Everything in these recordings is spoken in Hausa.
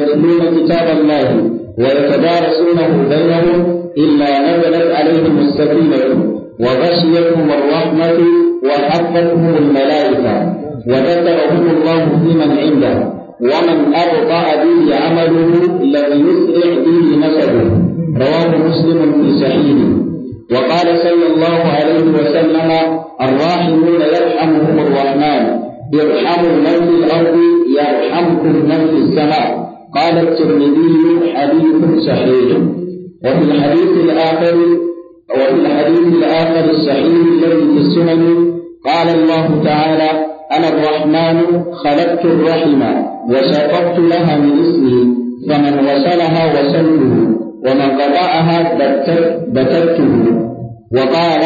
يتلون كتاب الله ويتدارسونه بينهم إلا نزلت عليهم السكينة وغشيتهم الرحمة وحفتهم الملائكة وذكرهم الله فيمن عنده ومن أرضى به عمله لم يسرع به نسبه رواه مسلم في صحيحه وقال صلى الله عليه وسلم الراحمون يرحمهم الرحمن ارحموا من في الأرض يرحمكم من في السماء قال الترمذي حديث صحيح وفي الحديث الآخر وفي الحديث الآخر الصحيح الذي في السنن قال الله تعالى أنا الرحمن خلقت الرحم وشققت لها من اسمي فمن وصلها وصلته ومن قطعها بتته وقال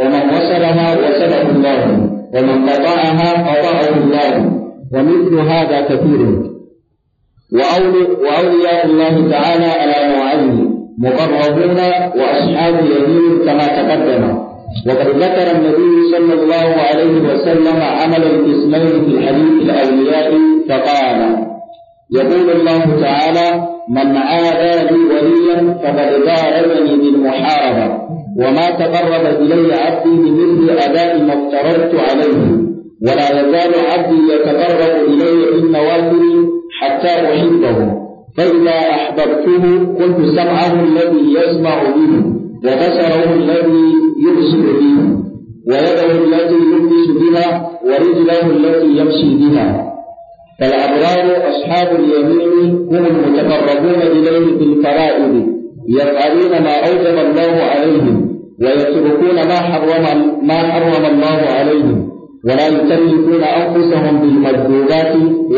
ومن وصلها وصله الله ومن قطعها قطعه الله ومثل هذا كثير وأولياء الله تعالى على نوعين مقربون وأصحاب اليمين كما تقدم وقد ذكر النبي صلى الله عليه وسلم عمل القسمين في حديث الأولياء فقال يقول الله تعالى من عادى لي وليا فقد ضاربني بالمحاربة وما تقرب إلي عبدي بمثل أداء ما افترضت عليه ولا يزال عبدي يتقرب إلي إن واكلي حتى أحبه فإذا أحببته كنت سمعه الذي يسمع به وبصره الذي يبصر به ويده التي يلبس بها ورجله التي يمشي بها فالأبرار أصحاب اليمين هم المتقربون إليه بالفرائض يفعلون ما أوجب الله عليهم ويتركون ما حرم ما حرم الله عليهم ولا يكلفون أنفسهم بالمكذوبات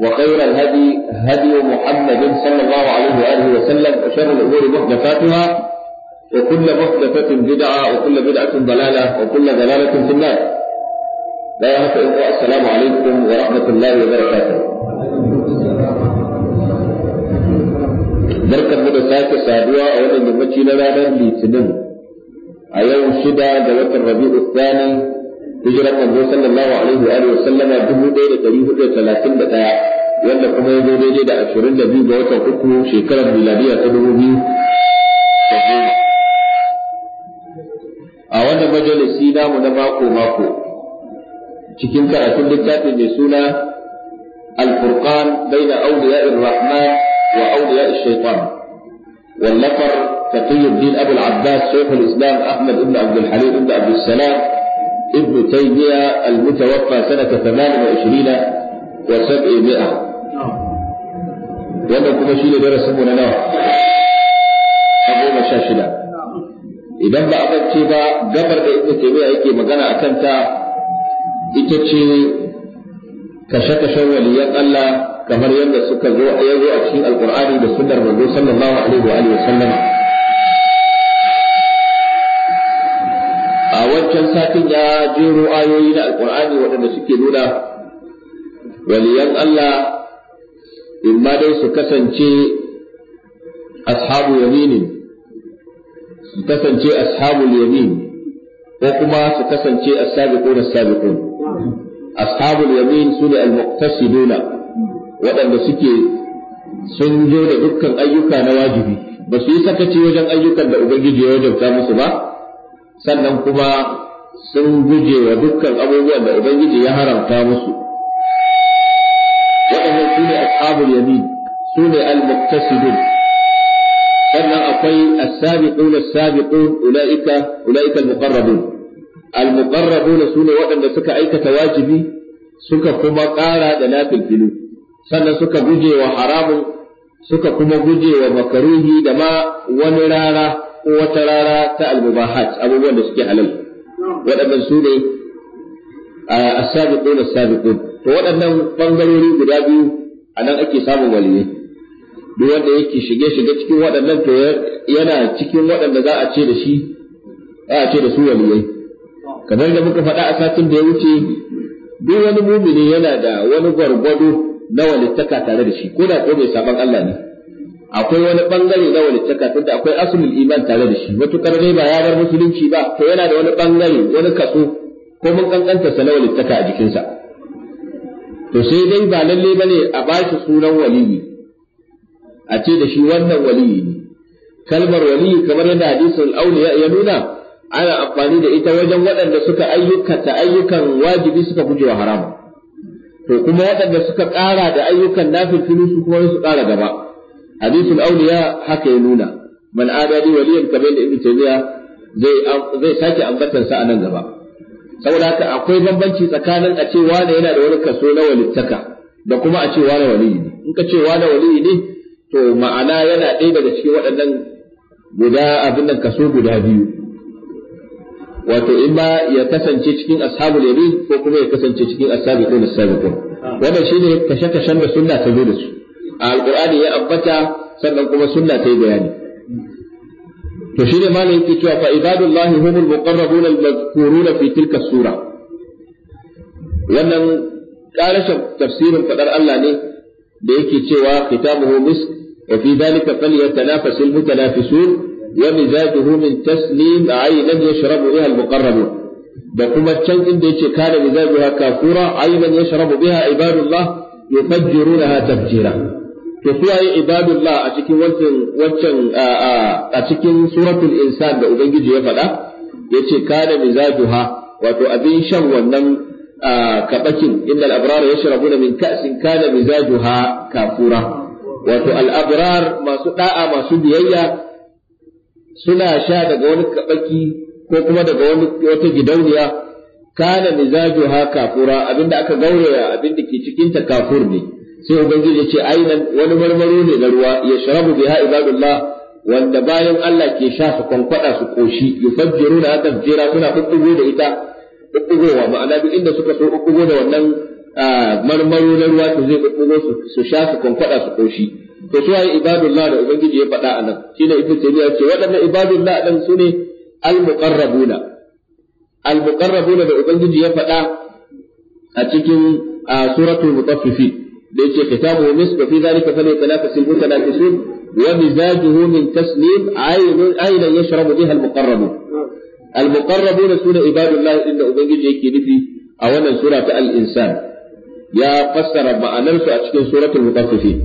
وخير الهدي هدي محمد صلى الله عليه واله وسلم وشر الامور محدثاتها وكل محدثة بدعة وكل بدعة ضلالة وكل ضلالة في النار. لا السلام عليكم ورحمة الله وبركاته. barkan mu da sake saduwa a wannan yammaci na ranar litinin a yau shida ga watan rabi'u hijiran manzo sallallahu alaihi wa alihi wasallama dubu ɗaya da ɗari hudu da talatin da ɗaya wanda kuma ya zo daidai da ashirin da biyu ga watan uku shekarar miladiya ta dubu biyu da goma. A wannan majalisi namu na mako-mako cikin karatun littafin mai suna Al-Furqan baina awliya'ir Rahman wa awliya'ish Shaitan wallafar Taqiyuddin Abul Abbas Shaykhul Islam Ahmad ibn Abdul Halim ibn Abdul Salam ابن تيمية المتوفى سنة 28 و700 wannan kuma shi ne darasinmu na nawa a goma idan ba a bance ba gabar da ibnu taymiya yake magana a kanta ita ce kashe-kashen waliyan Allah kamar yadda suka zo a cikin Alƙur'ani da sunnar manzo wancan satin ya jero ayoyi na alkur'ani waɗanda suke nuna waliyan Allah in ma dai su kasance ashabu yaminin su kasance ashabu yamin ko kuma su kasance as-sabiqun as-sabiqun ashabu yamin ne al-muqtasiduna waɗanda suke sun jo da dukkan ayyuka na wajibi ba su yi sakaci wajen ayyukan da ubangiji ya wajabta musu ba sannan kuma sun guje wa dukkan abubuwan da ubangiji ya haramta musu waɗannan su ne ashabul yamin su ne al-muqtasidun sannan akwai as-sabiqun as-sabiqun ulaika ulaika al-muqarrabun al-muqarrabun su ne waɗanda suka aikata wajibi suka kuma ƙara da lafil filu sannan suka guje wa haramun suka kuma guje wa makaruhi da ma wani rara ko wata rana ta almubahat abubuwan da suke halal waɗannan su ne as-sabiqun as-sabiqun to waɗannan bangarori guda biyu a nan ake samun waliyi duk wanda yake shige shige cikin waɗannan to yana cikin waɗanda za a ce da shi za a ce da su waliyai kamar da muka faɗa a satin da ya wuce duk wani mumini yana da wani gwargwado na walittaka tare da shi ko da ko bai saban Allah ne akwai wani bangare na walittaka tunda akwai asulul iman tare da shi matukar dai ba ya bar musulunci ba ko yana da wani bangare wani kaso ko mun kankanta sa na walittaka a jikinsa to sai dai ba lalle bane a bashi sunan waliyi a ce da shi wannan waliyi ne kalmar waliyi kamar yadda hadisul auliya ya nuna ana amfani da ita wajen waɗanda suka ayyukata ayyukan wajibi suka guje wa haramu to kuma waɗanda suka ƙara da ayyukan nafil su kuma su ƙara gaba hadithul awliya haka ya nuna man adadi waliyan kamar da ibnu zai zai sake ambatar sa a nan gaba saboda haka akwai bambanci tsakanin a ce wane yana da wani kaso na walittaka da kuma a ce wane waliyi ne in ka ce wane waliyi ne to ma'ana yana ɗaya daga cikin waɗannan guda abin nan kaso guda biyu wato in ba ya kasance cikin ashabul yamin ko kuma ya kasance cikin ashabiqun as-sabiqun wannan shine kashe-kashen da sunna ta zo da su alkur'ani ya ambata sannan kuma sunna ta yi bayani to shine malam yake cewa fa ibadullahi humul muqarrabuna al-madhkuruna fi tilka sura wannan karashin tafsirin fadar Allah ne da yake cewa kitabuhu misk wa fi dhalika falyatanafasul mutanafisun wa mizajuhu min taslim aynan yashrabu biha al-muqarrabun da kuma can inda yake kana mizajuha kafura aynan yashrabu biha ibadullah yufajjirunaha tafjira to suwaye ibadullah a cikin wancan a cikin suratul insan da ubangiji ya faɗa yace kana mizajuha wato abin shan wannan kabakin ya abrar yashrabuna min ka'sin kana mizajuha kafura wato al abrar masu ɗa'a masu biyayya suna sha daga wani kabaki ko kuma daga wani wata gidauniya kana mizajuha kafura abinda aka gauraya abinda ke cikinta kafur ne sai ubangiji ya ce ai wani marmari ne na ruwa ya sharabu biha ibadullah wanda bayan Allah ke sha su kwankwada su koshi yufajjiruna jira suna kukkugo da ita kukkugowa ma'ana duk inda suka so kukkugo da wannan marmaro na ruwa to zai kukkugo su sha su kwankwada su koshi to su ai ibadullah da ubangiji ya faɗa anan shine ibnu taymiya ce waɗannan ibadullah dan sune al-muqarrabuna al-muqarrabuna da ubangiji ya faɗa a cikin suratul mutaffifin da yake kitabu misk fi zalika fa talakasul mutanafisun wa mizajuhu min taslim aynun aynan yashrabu biha al-muqarrabun al-muqarrabun sura ibadullah inda ubangiji yake nufi a wannan sura ta al-insan ya fassara ma'anarsu a cikin suratul mutaffifin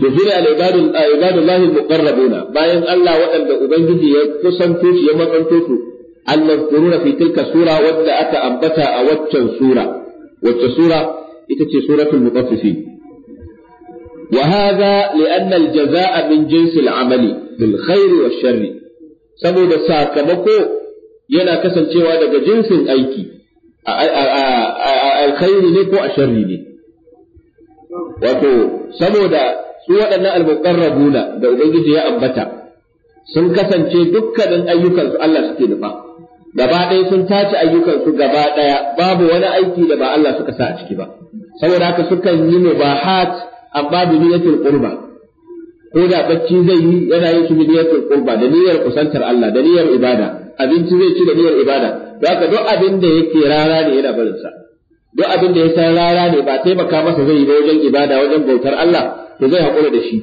to sune al-ibadul ibadullah al-muqarrabun bayan Allah waɗanda ubangiji ya kusanto shi ya makanto su al-mazkuruna fi tilka sura wadda aka ambata a waccan sura wacce sura ita ce suratul mutaffifin wa hadha li'anna al-jazaa'a min jinsi al-amali bil khair wa sharri saboda sakamako yana kasancewa daga jinsin aiki alkhairi ne ko a ne wato saboda su waɗannan al-muqarrabuna da ubangiji ya ambata sun kasance dukkanin ayyukansu Allah suke nufa gaba ɗaya sun tace ayyukansu gaba ɗaya babu wani aiki da ba Allah suka sa a ciki ba saboda haka sukan yi mubahat amma bi niyyatul qurba ko da bacci zai yi yana yin su bi niyyatul qurba da niyyar kusantar Allah da niyyar ibada abinci zai ci da niyyar ibada don haka duk abin da yake rara ne yana barin sa duk abin da ya san rara ne ba taimaka masa zai yi ba wajen ibada wajen bautar Allah to zai haƙura da shi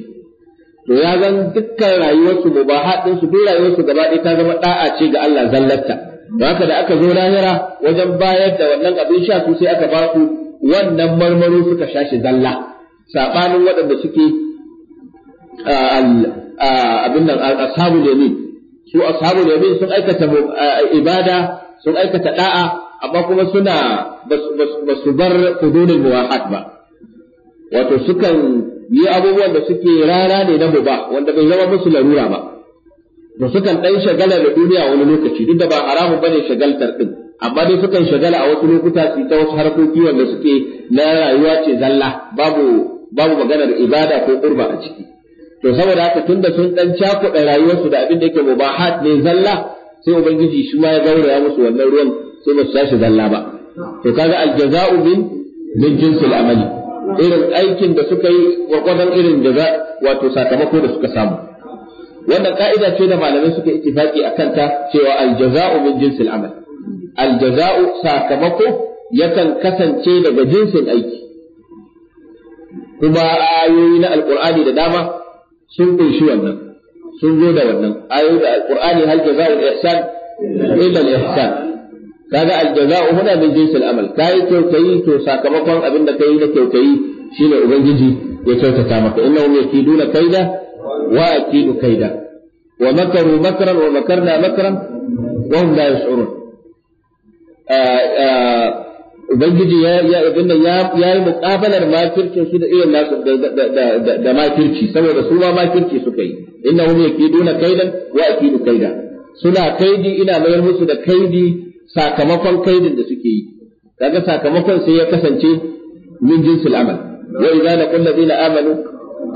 to ya zan dukkan rayuwarsu mubahat din su duk rayuwarsu gaba ɗaya ta zama da'a ce ga Allah zallarta don haka da aka zo lahira wajen bayar da wannan abin sha su sai aka ba su wannan marmaru suka sha shi zalla saɓanin waɗanda suke abin nan ashabul yamin su ashabul yamin sun aikata ibada sun aikata da'a amma kuma suna ba su bar hududul muwahat ba wato sukan yi abubuwan da suke rara ne na ba wanda bai zama musu larura ba Ba sukan ɗan shagala da duniya wani lokaci duk da ba haramun bane shagaltar din amma dai sukan shagala a wasu lokuta su ta wasu harkoki wanda suke na rayuwa ce zalla babu babu maganar ibada ko qurba a ciki to saboda haka tunda sun dan cakuɗa rayuwarsu da abin da yake mubahat ne zalla sai ubangiji shi ma ya gauraya musu wannan ruwan sai ba su tashi zalla ba to kaga aljaza'u min min jinsil amali irin aikin da suka yi wa gwargwadon irin da za wato sakamako da suka samu wannan ka'ida ce da malamai suka ittifaki akan ta cewa aljaza'u min jinsil amali aljaza'u sakamako yakan kasance daga jinsin aiki kuma ayoyi na alqur'ani da dama sun kunshi wannan sun zo da wannan ayoyi da alqur'ani hal jaza'ul ihsan illa al ihsan kaga aljaza'u huna min jinsil amal kai kyautayi to sakamakon abin da kai na kyautayi shine ubangiji ya kyautata maka innahum yakiduna kaida wa akidu kaida wa makaru makran wa makarna makran wa hum la yash'urun ubangiji ya ya abin nan ya yi muqabalar makircin su da irin nasu da da makirci saboda su ma makirci suka yi innahum yakiduna kaidan wa akidu kaida suna kaidi ina mayar musu da kaidi sakamakon kaidin da suke yi kaga sakamakon sai ya kasance min jinsil amal wa idza laqul ladina amanu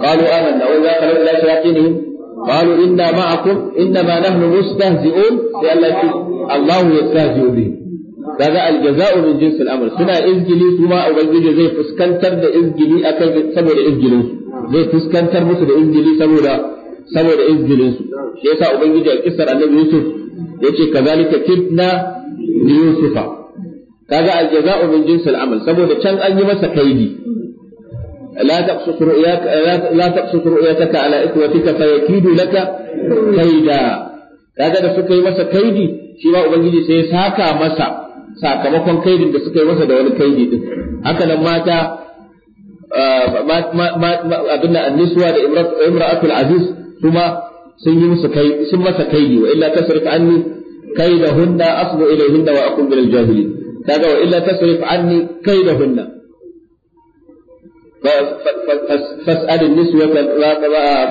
qalu amanna wa idza qalu ila shayatinihim qalu inna ma'akum inna ma nahnu mustahzi'un sai Allah ya Allah yastahzi'u bihim kaga aljaza min jinsil amal suna izgili kuma ubangiji zai fuskantar da izgili akan saboda izgilin zai fuskantar musu da izgili saboda saboda izgilin su shi yasa ubangiji a kisar annabi yusuf yace kazalika kitna yusufa kaga aljaza min jinsil amal saboda can an yi masa kaidi لا تقصص رؤياك لا تقصص رؤيتك على اخوتك فيكيد لك كيدا kaga da suka yi masa kaidi shi ba ubangiji sai ya saka masa sakamakon kaidin da suka yi masa da wani kaidi din haka nan mata abin da anniswa da imra'atul aziz kuma sun yi musu kai sun masa kaidi wa illa tasrif anni kaidahunna asbu ilayhinna wa aqum bil jahilin kaga wa illa tasrif anni kaidahunna فاسأل النسوة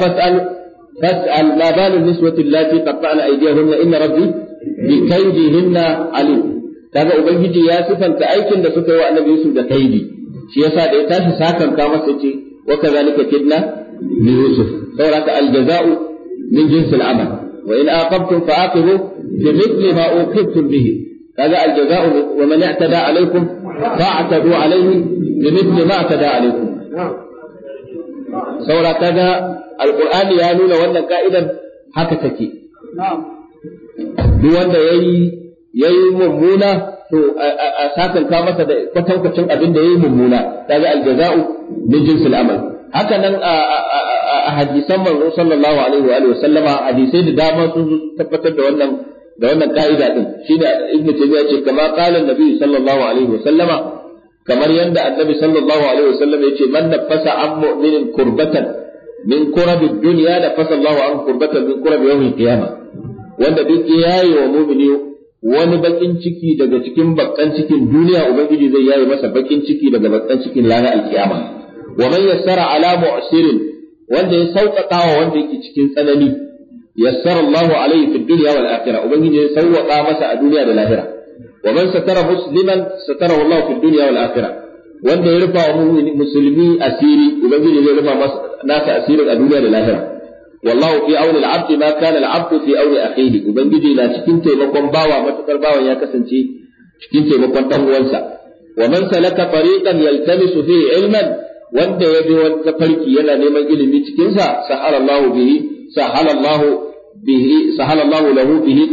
فاسأل فاسأل ما بال النسوة اللاتي قطعن أيديهن إن ربي بكيدهن عليم kaga ubangiji ya sifanta aikin da suka yi wa annabi Yusuf da kaidi shi yasa da ya tashi sakan ka masa ce wa kazalika kidna li Yusuf sauraka aljaza'u min jins al'amal wa in aqabtum fa aqibu bi mithli ma uqibtum bihi kaga aljaza'u wa man i'tada alaykum fa'tadu alayhi bi mithli ma i'tada alaykum saura kaga alqur'ani ya nuna wannan ka'idan haka take na'am duk wanda yayi yi mummuna to a sakanka masa da kwatankwacin abin da yi mummuna kaga aljaza'u min jinsil amal haka nan a hadisan manzo sallallahu alaihi wa sallama, wasallama hadisai da dama sun tabbatar da wannan da wannan ka'ida din shi da ibnu tabiya ce kama qala annabi sallallahu alaihi wasallama kamar yanda annabi sallallahu alaihi wasallam yace man nafasa an mu'minin kurbatan min kurabid dunya da fasa Allahu an kurbatan min kurab yawmil qiyamah wanda duk yayi wa mu'mini wani bakin ciki daga cikin bakkan cikin duniya ubangiji zai yaye masa bakin ciki daga bakkan cikin ranar alkiyama wa man yassara ala mu'sirin wanda ya sauƙaƙa wa wanda yake cikin tsanani yassara Allahu alaihi fid dunya wal akhirah ubangiji ya sauƙaƙa masa a duniya da lahira wa man satara musliman satara Allahu fid dunya wal akhirah wanda ya rufa wa musulmi asiri ubangiji zai rufa masa nasa asirin a duniya da lahira wallahu fi auni al-abd ma kana al-abd fi auni akhihi ubangiji na cikin taimakon bawa matukar bawan ya kasance cikin taimakon dan uwansa wa man salaka tariqan yaltamisu ilman wanda ya bi wata farki yana neman ilimi cikin sa sahala Allah bihi bihi sahala Allah lahu bihi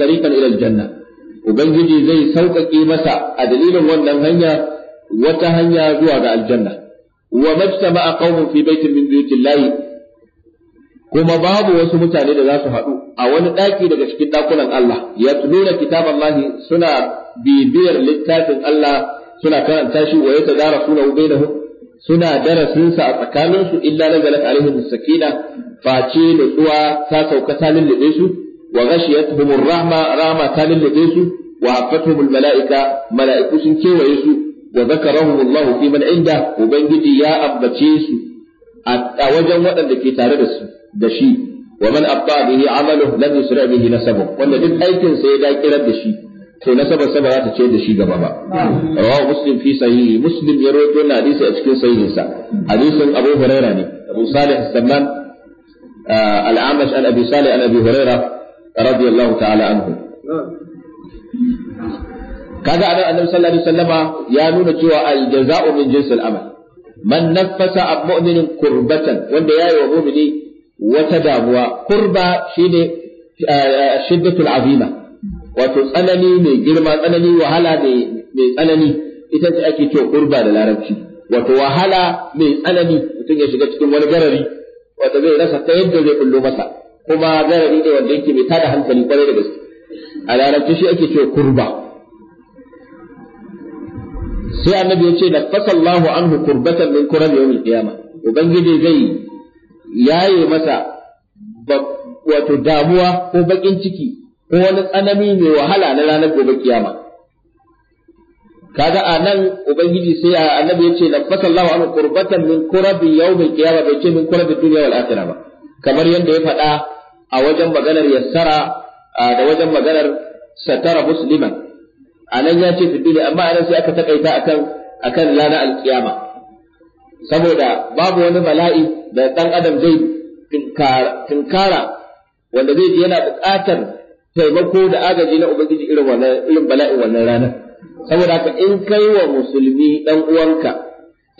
ubangiji zai sauƙaƙe masa a dalilin wannan hanya wata hanya zuwa ga aljanna wa a qaumun fi baitin kuma babu wasu mutane da za su haɗu a wani ɗaki daga cikin ɗakunan Allah ya nuna kitab Allah suna bibiyar littafin Allah suna karanta shi wa yata dara suna bainahum suna darasinsa a tsakaninsu illa nazalat alaihim sakina face nutsuwa ta sauka ta lullube su wa ghashiyatuhum rahma rahma ta lullube su wa hafatuhum malaika mala'iku sun kewaye su wa zakarahum fi man inda ubangiji ya ambace su a wajen waɗanda ke tare da su da shi wa man abta bihi amalu lam yusra bihi nasabu wanda duk aikin sa ya dakirar da shi to nasabar sa ba za ta ce da shi gaba ba rawahu muslim fi sahihi muslim ya rawaito na hadisi a cikin sahihin sa hadisin abu huraira ne abu salih as-samman uh, al-amash an abi salih an abi huraira radiyallahu ta'ala anhu kaga anan annabi sallallahu alaihi wasallama ya nuna cewa al-jaza'u min jinsil amal man naffasa mu'minin kurbatan wanda yayi wa mu'mini wata damuwa kurba shine eh, shiddatul azima wato tsanani mai girma tsanani wahala mai tsanani ita ce ake cewa kurba da larabci wato wahala mai tsanani mutum ya shiga cikin wani garari wato zai rasa ta yadda zai kullo masa kuma garari ne wanda yake mai tada hankali kwarai da gaske a larabci shi ake cewa kurba sai annabi ya ce na fasallahu anhu kurbatan min kuram yawmil qiyamah ubangiji zai Ya yi masa wato damuwa ko baƙin ciki ko wani tsanani mai wahala na ranar gobe kiyama kaga a nan ubangiji sai a annabi ya ce nafasa Allahu an qurbatan min qurabi yawmil qiyama bai ce min qurabi dunya wal akhirah ba kamar yadda ya faɗa a wajen maganar yassara da wajen maganar satara musliman a nan ya ce fi amma a nan sai aka takaita akan akan lana alkiyama saboda babu wani bala'i da ɗan adam zai tunkara wanda zai ji yana buƙatar taimako da agaji na ubangiji irin wannan irin bala'in wannan ranar saboda haka in kai wa musulmi dan uwanka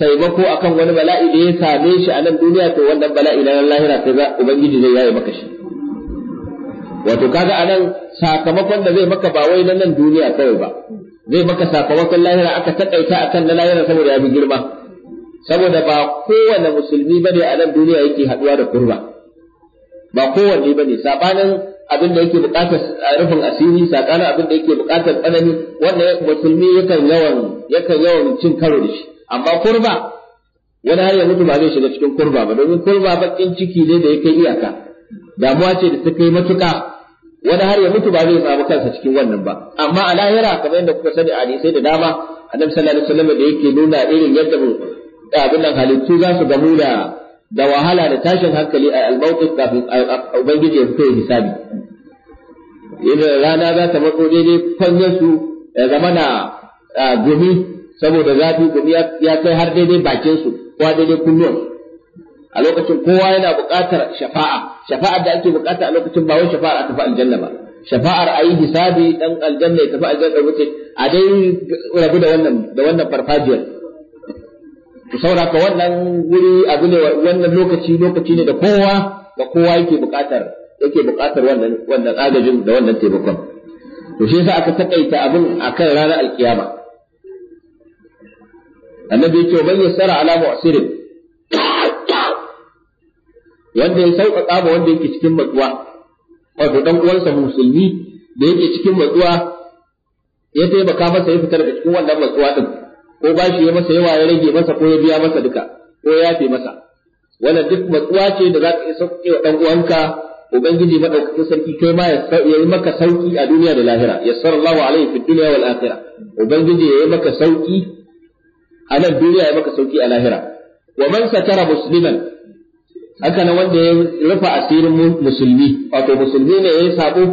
taimako akan wani bala'i da ya same shi a nan duniya to wannan bala'i na lahira sai za ubangiji zai yaye maka shi wato kaga anan sakamakon da zai maka ba wai na nan duniya kawai ba zai maka sakamakon lahira aka takaita akan na lahira saboda ya bi girma saboda ba kowane musulmi bane a nan duniya yake haduwa da kurba ba kowanne bane sabanin abin da yake bukatar rufin asiri sabanin abin da yake bukatar tsanani wanda musulmi yakan yawan yakan yawan cin karo da shi amma kurba wani har ya mutu ba zai shiga cikin kurba ba domin kurba bakin ciki ne da yake iyaka damuwa ce da ta kai matuka wani har ya mutu ba zai samu kansa cikin wannan ba amma a lahira kamar yadda kuka sani a hadisai da dama annabi sallallahu alaihi wasallam da yake nuna irin yadda abin nan halittu za su gamu da da wahala da tashin hankali a al-mawqif kafin ubangiji ya fito hisabi idan rana za ta matso daidai fanyen su ya zama na gumi saboda zafi gumi ya kai har daidai bakin su ko daidai kunnuwan a lokacin kowa yana buƙatar shafa'a shafa'ar da ake buƙata a lokacin ba wai shafa'ar a tafi aljanna ba shafa'ar a yi hisabi dan aljanna ya tafi aljanna wuce a dai rabu da wannan da wannan farfajiyar saura ka wannan wuri abu ne wannan lokaci lokaci ne da kowa da kowa yake buƙatar yake buƙatar wannan wannan agajin da wannan taimakon to shi yasa aka takaita abin akan ranar alkiyama annabi yake ban yassara ala mu'sirin wanda ya sauƙaƙa ma wanda yake cikin matsuwa wato dan uwansa musulmi da yake cikin matsuwa ya taimaka masa ya fitar da cikin wannan matsuwa din ko ba ya masa yawa ya rage masa ko ya biya masa duka ko ya yafe masa wannan duk matsuwa ce da za ka isa sauƙi wa ɗan uwanka ubangiji madaukakin sarki kai ma ya yi maka sauki a duniya da lahira yassara Allahu alaihi fid dunya wal akhirah ubangiji ya yi maka sauki a nan duniya ya maka sauki a lahira wa man satara musliman haka nan wanda ya rufa asirin musulmi wato musulmi ne yi sabo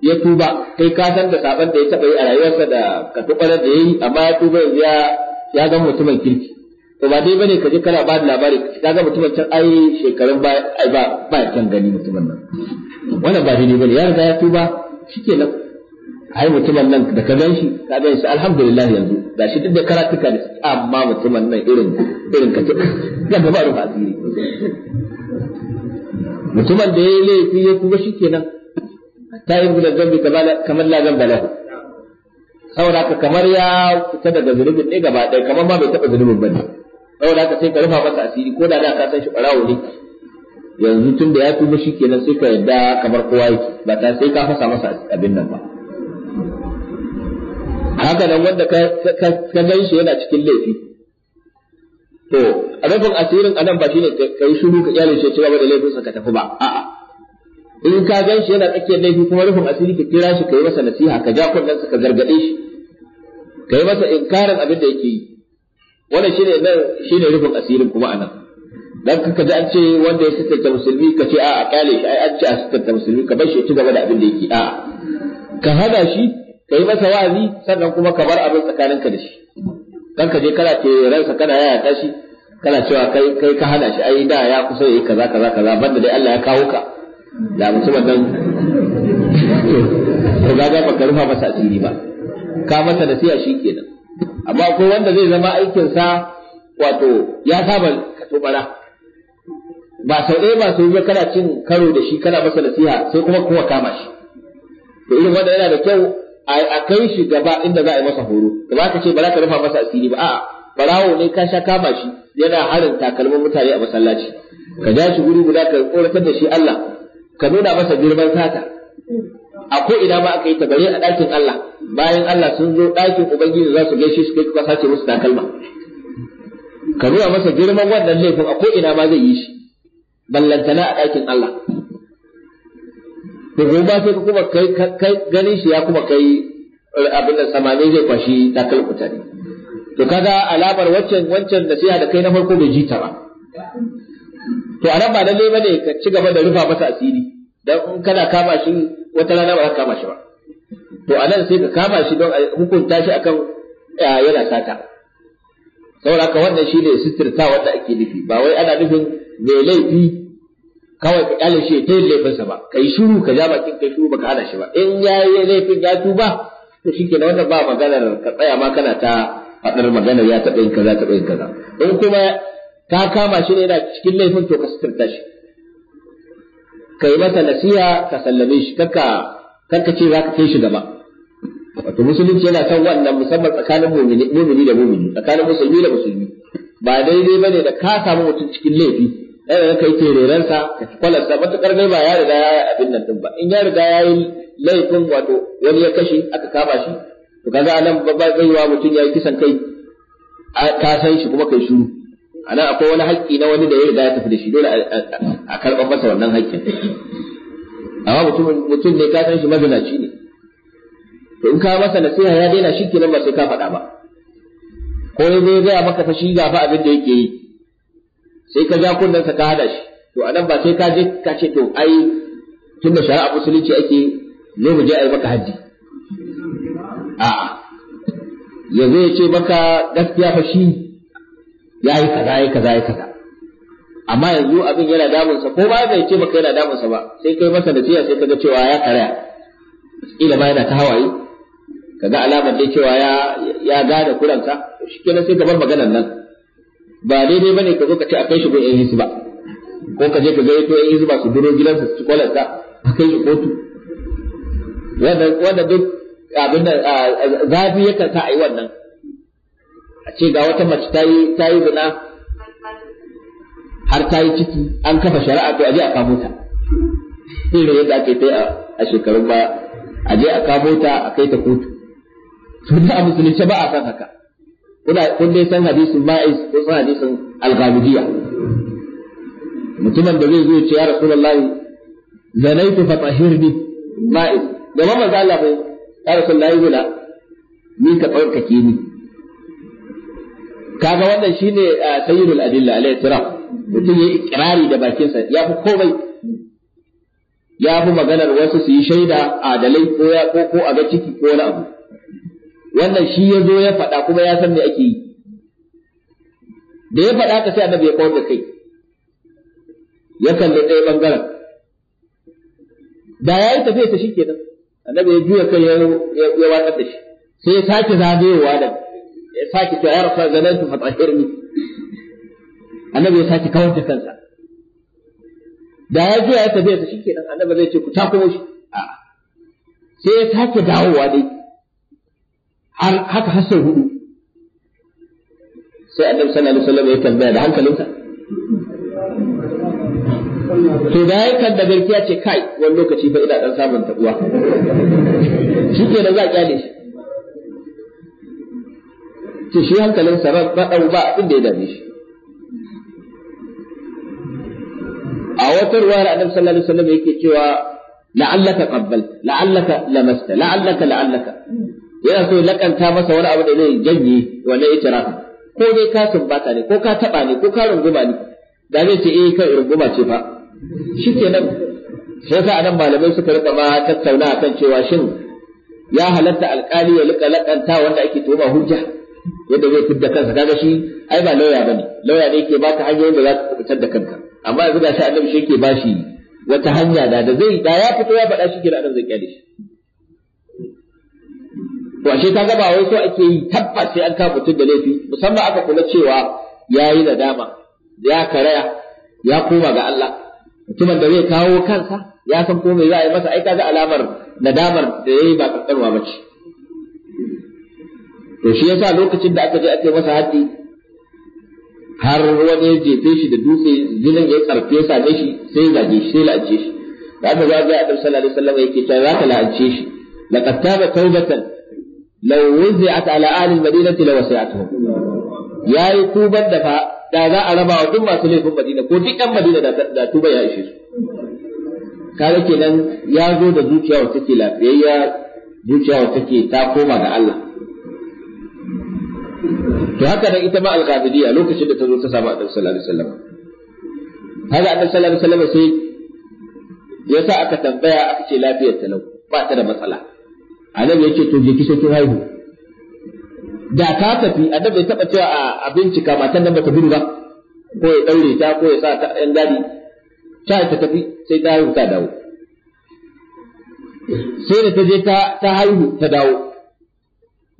ya tuba kai ka san da saban da ya taba yi a rayuwarsa da katubarar da yayi amma ya tuba ya ya ga mutumin kirki to ba dai bane ka je kana ba da labari ka ga mutumin can ai shekarun ba ai ba ba can gani mutumin nan wannan ba dai bane ya riga ya tuba shike nan ai mutumin nan da ka ganshi ka ganshi shi alhamdulillah yanzu gashi duk da karatuka da amma mutumin nan irin irin ka ga ba ruwa asiri mutumin da ya laifi ya kuma nan ta yi gudan zambi kamar la zamba lahu saboda haka kamar ya fita daga zunubin ne gaba ɗaya kamar ma bai taɓa zunubin ba ne saboda haka sai ka rufa masa asiri ko da da ka san shi ɓarawo ne yanzu tun da ya fi shi kenan sai ka yadda kamar kowa yake ba ta sai ka fasa masa abin nan ba haka nan wanda ka gan shi yana cikin laifi to rufin asirin a nan ba ne ka yi shiru ka iyalin shi cewa ba da laifinsa ka tafi ba a'a in ka gan shi yana tsakiyar laifi kuma rufin asiri ka kira shi ka yi masa nasiha ka ja kunnen ka gargaɗe shi Ka yi masa inkarin abin da yake yi wannan shine nan shine rufin asirin kuma anan dan ka ji an ce wanda ya ta musulmi ka ce a'a kale shi ai an ce a sittanta musulmi ka bar shi ya ci gaba da abin da yake a'a ka hada shi ka yi masa wa'azi sannan kuma ka bar abin tsakaninka da shi dan ka je kana ce ransa kana yaya shi kana cewa kai kai ka hana shi ai da ya kusa yi kaza kaza kaza banda dai Allah ya kawo ka da mutumin dan ko ga ba ka rufa masa asiri ba ka masa nasiha kenan, amma akwai wanda zai zama aikinsa wato ya saba bara ba sau ɗaya ba sau biyu kana cin karo da shi kana masa nasiha sai kuma kuma kama shi to irin wanda yana da kyau a kai shi gaba inda za a yi masa horo da ba ka ce ba za ka rufa masa asiri ba a'a barawo ne ka sha kama shi yana harin takalmin mutane a masallaci ka ja shi guri guda ka tsoratar da shi Allah ka nuna masa girman sata a ko ina ma aka yi ta bare a ɗakin Allah bayan Allah sun zo ɗakin ubangiji za su gaishe su kai kuka sace musu takalma ka nuna masa girman wannan laifin a ko ina ma zai yi shi ballantana a ɗakin Allah da gobe sai kuma kai kai ganin shi ya kuma kai eh, abin da samane zai kwashi takalma kutare. to kaga alamar waccan wancan da sai da kai na farko bai ji ba to a nan ba lalle ne ka ci gaba da rufa masa asiri dan in kana kama shi wata rana ba za ka kama shi ba to anan sai ka kama shi don hukunta shi akan yana sata saboda ka wannan shi ne sitirta wanda ake nufi ba wai ana nufin mai laifi kawai ka kyale shi ta yin laifinsa ba kai shiru ka ja bakin kai shiru baka hana shi ba in ya yi laifin ya tuba to da wannan ba maganar ka tsaya ma kana ta faɗar maganar ya taɓa yin kaza taɓa yin kaza in kuma ka kama shi ne yana cikin laifin to ka sitirta shi kai mata nasiya ka sallame shi kakka kanka ce za ka kai shi gaba wato musulunci yana son wannan musamman tsakanin mumini da mumini tsakanin musulmi da musulmi ba daidai bane da ka samu mutum cikin laifi da kai tererensa ka ci kwalarsa matukar dai ba ya riga ya yi abin nan din ba in ya riga ya yi laifin wato wani ya kashe aka kama shi to kaga nan ba zai wa mutum ya yi kisan kai ka san shi kuma kai shiru ana akwai wani haƙƙi na wani da ya riga ya tafi da shi dole a karɓar masa wannan haƙƙin amma mutum mutum ne ka san shi mazinaci ne to in ka masa nasiha ya daina shi kenan ba sai ka faɗa ba ko ne zai ya gaya maka fa shi fa abin da yake yi sai ka ja kunnen sa ka hada shi to anan ba sai ka je ka ce to ai tun da shari'a musulunci ake zo mu je yi maka haji a'a ya ya ce maka gaskiya fa shi ya yi kaza ya kaza ya kaza amma yanzu abin yana damunsa ko ba bai ce maka yana damunsa ba sai kai masa nasiha sai kaga cewa ya karaya ila ma yana ta hawaye kaga alamar dai cewa ya ya gane kuransa shikenan sai ka bar maganar nan ba daidai bane ka zo ka ce kai shi ko su ba. ko ka je ka ga yayin yan ba su duro gidan su ci a kai shi kotu wanda wanda duk abin da zafi yakan sa a yi wannan a ce ga wata mace ta yi ta yi zina har ta yi ciki an kafa shari'a to aje a kamo ta da yadda ake ta a shekarun baya aje a kamo ta a kai ta kotu to da musulunci ba a san haka kuna kun dai san hadisin ma'iz ko san hadisin al-ghalibiyya mutumin da zai zo ce ya rasulullahi zanaitu fa tahirni ma'iz da mamman Allah bai ya rasulullahi gula ni ka tsarkake ni kaga wannan shine sayyidul adilla alayhi salam mutum ya ikrari da bakinsa ya fi komai ya fi maganar wasu su yi shaida adalai ko ya ko ko a ga ciki ko wani abu wannan shi ya zo ya faɗa kuma ya san me ake yi da ya faɗa ka sai annabi ya kawar da kai ya kalli ɗaya ɓangaren da ya yi tafiya ta shi kenan annabi ya juya kai ya watsar da shi sai ya sake zagayowa da ya sake cewa ya rasa zanantu fatahirni annabi ya sake kawar da kansa da ya je ya tafiya ta nan annabi zai ce ku takumo shi a'a sai ya sake dawowa dai har haka hasar hudu sai annabi sallallahu alaihi wasallam ya tambaya da hankalinsa to da ya kan da gaskiya ce kai wani lokaci fa ina dan samun tabuwa shi ke da za a kyale shi ce shi hankalin sa raɗau ba abin da ya dame shi a wata da annabi sallallahu alaihi wasallam yake cewa la'allaka qabbal la'allaka lamasta la'allaka la'allaka yana so lakanta masa wani abu da zai janye wanda ya ko dai ka sumbata ne ko ka taba ne ko ka runguma ne da zai ce eh kai runguma ce fa nan sai sa anan malamai suka rika ma tattauna akan cewa shin ya halatta alƙali ya lika lakanta wanda ake tuhuma hujja yadda zai fitar da kansa kaga shi ai ba lauya ba ne. lauya ne yake baka hanyoyin da za ka fitar da kanka amma yanzu ga shi annabi shi yake bashi wata hanya da da zai da ya fito ya faɗa shi kira annabi zai kyale shi to ashe ta ga ba wai so ake yi tabbas sai an ka mutum da laifi musamman aka kula cewa yayi yi nadama ya karaya ya koma ga Allah mutumin da zai kawo kansa ya san ko me za a yi masa ai kaga alamar nadamar da yayi ba karkarwa ce. to shi yasa lokacin da aka je ake masa haddi har wani ya jefe shi da dutse jinin ya karfe sa ne shi sai zage shi sai la'ance shi da aka ga ga Annabi sallallahu alaihi wasallam yake cewa zaka la'ance shi laqad taba tawbatan law wuzi'at ala ahli al-madinati lawasi'atuhum yayi tuban da fa da za a raba wa duk masu laifin Madina ko duk ɗan Madina da tuba ya ishe su kaga kenan ya zo da zuciya wacce take lafiyayya zuciya wacce take ta koma ga Allah to haka nan ita ma al-qabidiyya lokacin da ta zo ta samu annabi sallallahu alaihi wasallam haka annabi sallallahu alaihi wasallam sai ya sa aka tambaya aka ce lafiyar lau ba ta da matsala annabi ya ce to je ki sai haihu da ka tafi annabi ya taba cewa a bincika matan nan bata gudu ba ko ya daure ta ko ya sa ta yan gadi ta ta tafi sai ta haihu ta dawo sai da ta je ta haihu ta dawo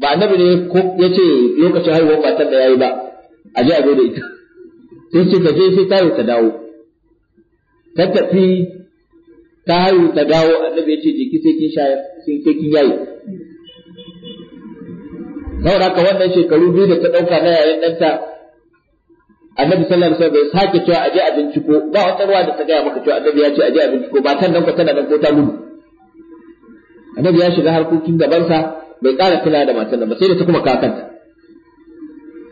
ba annabi ne ko yace lokacin haihuwar matar da yayi ba a ji a da ita sai ce ta je sai ta ta dawo ta tafi ta haihu ta dawo annabi yace jiki sai kin shayar sai kin yayi da haka wannan shekaru biyu da ta ɗauka na yayin ɗanta annabi sallallahu alaihi wasallam bai sake cewa aje a binciko ba wata ruwa da ta gaya maka cewa annabi ya ce aje a binciko ba tan nan ko tana nan ko ta gudu annabi ya shiga harkokin gabansa bai ƙara kula da matan nan ba sai da ta kuma kakanta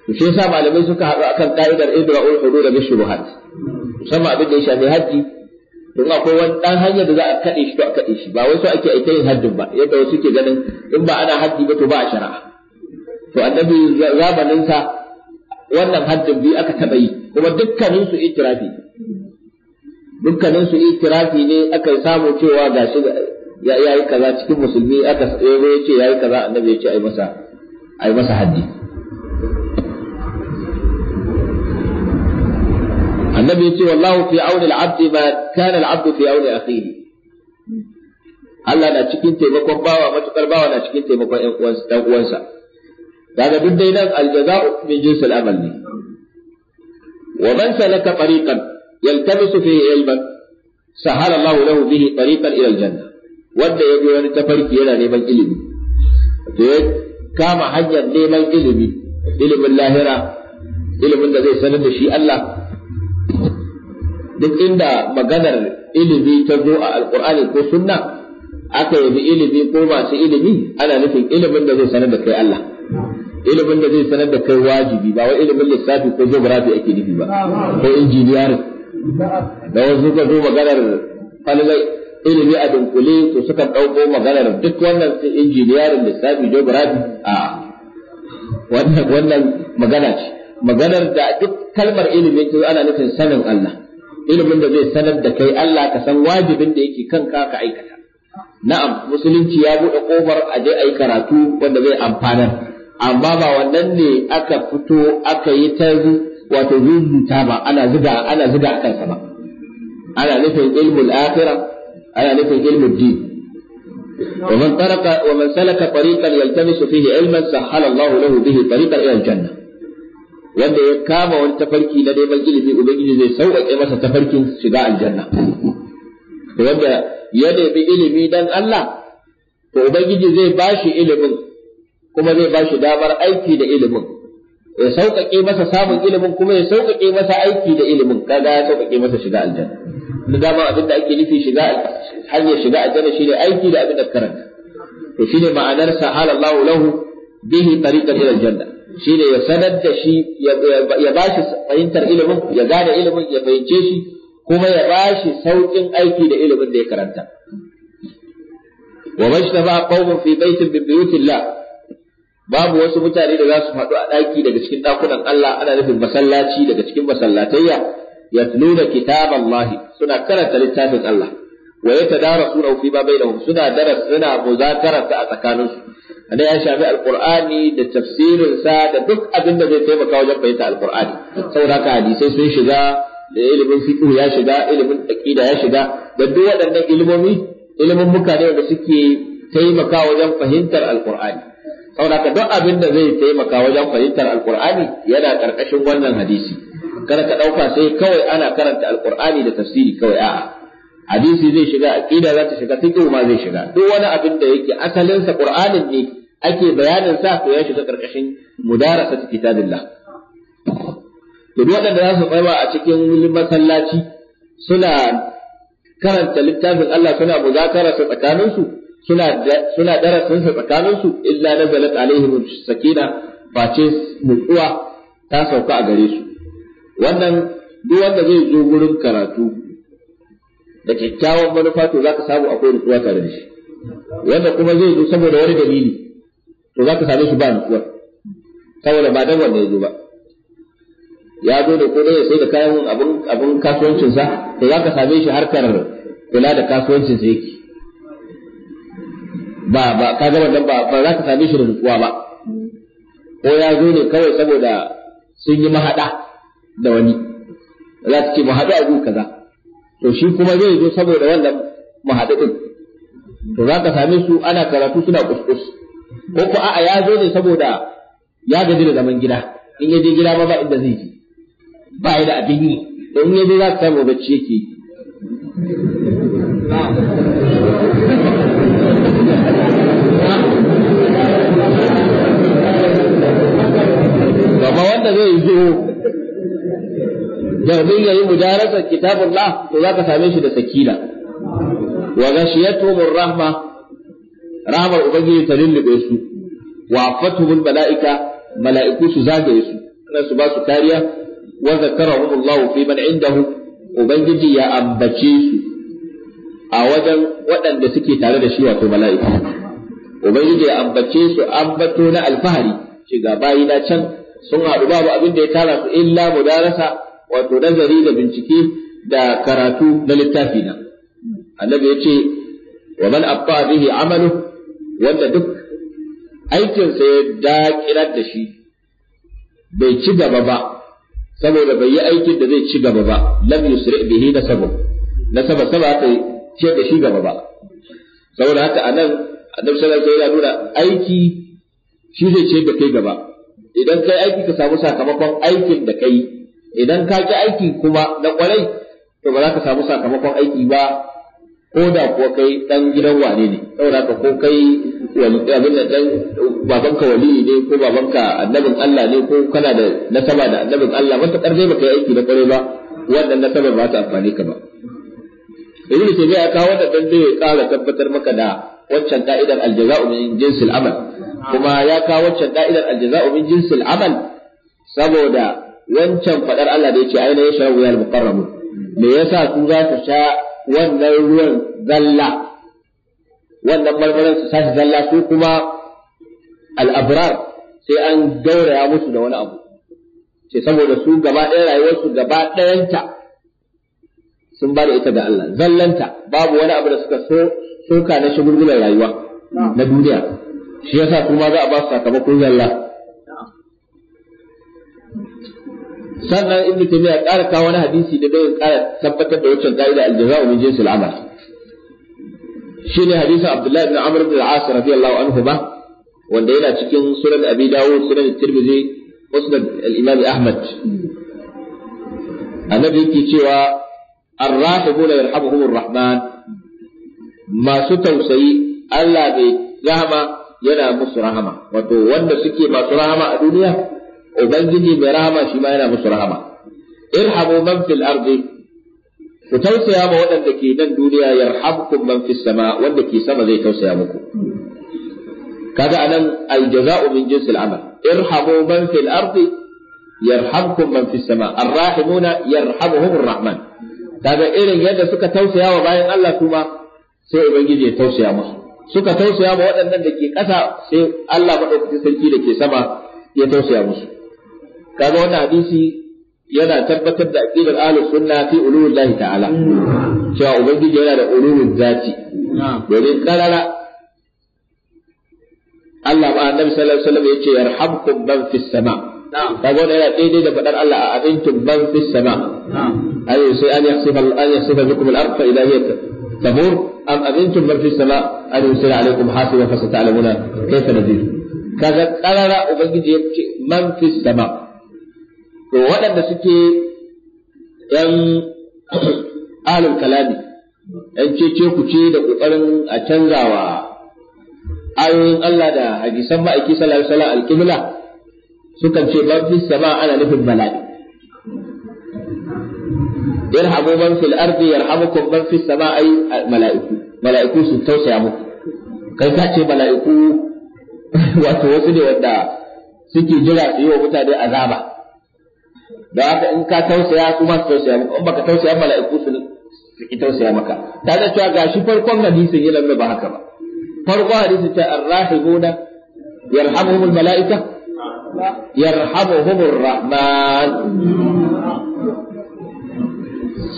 to shi yasa malamai suka haɗu akan ka'idar idra'ul hudud bi shubuhat musamman abin da ya shafi haji don akwai wani dan hanyar da za a kaɗe shi to a kaɗe shi ba wai so ake aika yin haddin ba yadda wasu ke ganin in ba ana haji ba to ba a shari'a to annabi sa wannan haddin biyu aka taɓa yi kuma dukkanin su itirafi dukkanin su itirafi ne aka samu cewa gashi النبي يقول والله في عون العبد ما كان العبد في عون اخيه الله لا تشكين تي مكو با وما تقر با ولا تشكين تي مكو ان كوانس تان هذا بد دينا الجزاء من جنس الامل. ومن سلك طريقا يلتمس فيه علما سهل الله له به طريقا الى الجنه wanda ya je wani tafarki yana neman ilimi to ya kama hanyar neman ilimi ilimin lahira ilimin da zai sanar da shi Allah duk inda maganar ilimi ta zo a alkur'ani ko sunna aka yabi ilimi ko masu ilimi ana nufin ilimin da zai sanar da kai Allah ilimin da zai sanar da kai wajibi ba wai ilimin lissafi ko geography ake nufi ba ko injiniyar da wasu ka zo maganar falalai ilimi a dunkule to sukan ɗauko maganar duk wannan sai injiniyarin lissafi geography a wannan wannan magana ce maganar da duk kalmar ilimi to ana nufin sanin Allah ilimin da zai sanar da kai Allah ka san wajibin da yake kanka ka aikata na'am musulunci ya bude kofar a je a karatu wanda zai amfanar amma ba wannan ne aka fito aka yi ta wato zuzuta ba ana zuga ana zuga akan sa ana nufin ilmul akhirah ana nufin ilmin din ومن طرق ومن سلك طريقا يلتمس فيه علما سهل الله له به طريقا الى الجنه wanda ya kama wani tafarki na neman ilimi ubangiji zai sauƙaƙe masa tafarkin shiga aljanna wanda ya nemi ilimi dan Allah to ubangiji zai bashi ilimin kuma zai bashi damar aiki da ilimin ya sauƙaƙe masa samun ilimin kuma ya sauƙaƙe masa aiki da ilimin kaga ya sauƙaƙe masa shiga aljanna da abin da ake nufi shiga hanyar shiga aljanna shine aiki da abin da karanta to shine ma'anar sahala Allahu lahu bihi tariqan ila aljanna shine ya sanar da shi ya bashi fahimtar ilimin ya gane ilimin ya fahimce shi kuma ya bashi saukin aiki da ilimin da ya karanta wa majtaba qaumun fi baitin min buyutillah babu wasu mutane da za su haɗu a ɗaki daga cikin ɗakunan Allah ana nufin masallaci daga cikin masallatayya yatluna kitaballahi suna karanta littafin Allah wa yatadarasuna fi ma bainahum suna daras suna muzakarata a tsakaninsu ana ya shafi alqur'ani da tafsirin sa da duk abin da zai taimaka wajen fahimta alqur'ani saboda haka hadisai sun shiga da ilimin fiqh ya shiga ilimin aqida ya shiga da duk waɗannan ilimomi ilimin mutane da suke taimaka wajen fahimtar alqur'ani saboda haka duk abin da zai taimaka wajen fahimtar alqur'ani yana karkashin wannan hadisi kada ka ɗauka sai kawai ana karanta Alƙur'ani da tafsiri kawai a'a hadisi zai shiga aqida za ta shiga fiqh ma zai shiga duk wani abin da yake asalin sa qur'anin ne ake bayanin sa to ya shiga karkashin mudarasat kitabillah to duk waɗanda za su tsaya a cikin masallaci suna karanta littafin Allah suna muzakara su tsakaninsu suna suna darasin sa tsakaninsu illa nazalat alaihim sakina face nutsuwa ta sauka a gare su wannan duk wanda zai zo gurin karatu da kyakkyawan manufa to zaka samu akwai nutsuwa tare da shi wanda kuma zai zo saboda wani dalili to zaka same shi ba nutsuwa saboda ba dan wanda ya zo ba ya zo da kodai ya sai da kayan abin abin kasuwancinsa to zaka same shi harkar kula da kasuwancinsa yake ba ba ka ga wannan ba ba za ka same shi da nutsuwa ba ko ya zo ne kawai saboda sun yi mahada da wani za ta ce mu haɗu a kaza to shi kuma zai zo saboda wannan mu haɗu to za ka same su ana karatu suna kuskus ko ku a'a ya zo ne saboda ya gaji da zaman gida in ya je gida ba ba inda zai je ba ya da abin yi in ya je za ka samu bacci yake Gama wanda zai zo domin ya yi kitabun kitabullah to za ka same shi da sakina wa ghashiyatuhum rahma rahmar ubangiji ta lullube su wa fatu fatuhul malaika mala'iku su zagaye su ana su ba su kariya wa Allah fi man indahu ubangiji ya ambace su a wajen waɗanda suke tare da shi wato mala'iku ubangiji ya ambace su ambato na alfahari shiga bayi na can sun haɗu babu abin da ya tara su illa mudarasa wato nazari da bincike da karatu na littafi na annabi ya ce wa man abba bihi amalu wanda duk aikinsa ya daƙirar da shi bai ci gaba ba saboda bai yi aikin da zai ci gaba ba lam yusri bihi nasabu nasaba saba ta ce da shi gaba ba saboda haka anan annabi sallallahu alaihi wasallam yana nuna aiki shi zai ce da kai gaba idan kai aiki ka samu sakamakon aikin da kai idan ka ki aiki kuma na kwarai to ba za ka samu sakamakon aiki ba ko da kuwa kai dan gidan wane ne saboda ka ko kai abin da dan babanka wali ne ko babanka annabin Allah ne ko kana da nasaba da annabin Allah ta karbe ba yi aiki da kwarai ba wannan nasabar ba ta amfani ka ba idan tabi'a ya kawo da dan ya kara tabbatar maka da waccan ka'idar aljaza'u min jinsil amal kuma ya kawo wancan da'idar aljaza'u min jinsil amal saboda wancan fadar Allah da yake aina yasha wa al muqarrabu me yasa su za ku sha wannan ruwan zalla wannan marmaran su sashi zalla su kuma al-abrar sai an gauraya musu da wani abu ce saboda su gaba ɗaya rayuwarsu gaba ɗayanta sun ba da ita da Allah zallanta babu wani abu da suka so soka na shagulgulan rayuwa na duniya shi yasa kuma za a ba su sakamakon zalla sannan ibnu tabiya ƙara kawo wani hadisi da dai ƙara tabbatar da wancan ka'ida aljaza'u min jinsil amal shine hadisin abdullahi ibn amr ibn al-as radiyallahu anhu ba wanda yana cikin sunan abi dawud sunan tirmidhi musnad al-imam ahmad annabi yake cewa ar-rahibuna yarhamuhumur rahman masu tausayi Allah bai rahama yana musu rahama wato wanda suke masu rahama a duniya ubangiji mai rahama shi ma yana musu rahama irhamu man fil ardi ku tausaya ma waɗanda ke nan duniya yarhamkum man fis sama wanda ke sama zai tausaya muku kaga anan aljaza'u min jinsil amal irhamu man fil ardi yarhamkum man fis sama arrahimuna yarhamuhum arrahman kaga irin yadda suka tausaya wa bayan Allah kuma sai ubangiji ya tausaya musu suka tausaya ma waɗannan da ke ƙasa sai Allah maɗaukakin sarki da ke sama ya tausaya musu kaga wannan hadisi yana tabbatar da aqidar ahlus sunna fi ululillahi ta'ala cewa ubangiji yana da ululul zati domin karara Allah ba annabi sallallahu alaihi wasallam yace yarhamkum man fis sama kaga wannan yana daidai da fadar Allah a abincin man fis sama ayo sai an yasifa an yasifa bikum al-ardh fa idha hiya تبور أم أمنتم من في السماء أن يرسل عليكم حاصبا فستعلمون كيف نذير كذا قال لا أبنجي من في السماء وأنا سكي yan alin kalami yan cece ku ce da ƙoƙarin a canzawa ayoyin Allah da hadisan ma'aiki sallallahu alaihi wasallam alƙibla sukan ce ban fi sama ana nufin bala'i yarhamu man fil ardi yarhamukum man fis samai mala'iku mala'iku su tausaya muku kai ka ce mala'iku wato wasu ne wanda suke jira su yi wa mutane azaba da haka in ka tausaya su ma su tausaya maka in baka tausaya mala'iku su ki tausaya maka ta da cewa gashi farkon hadisin yana nuna ba haka ba farkon hadisin ta arrahimuna yarhamuhumul mala'ika yarhamuhumur rahman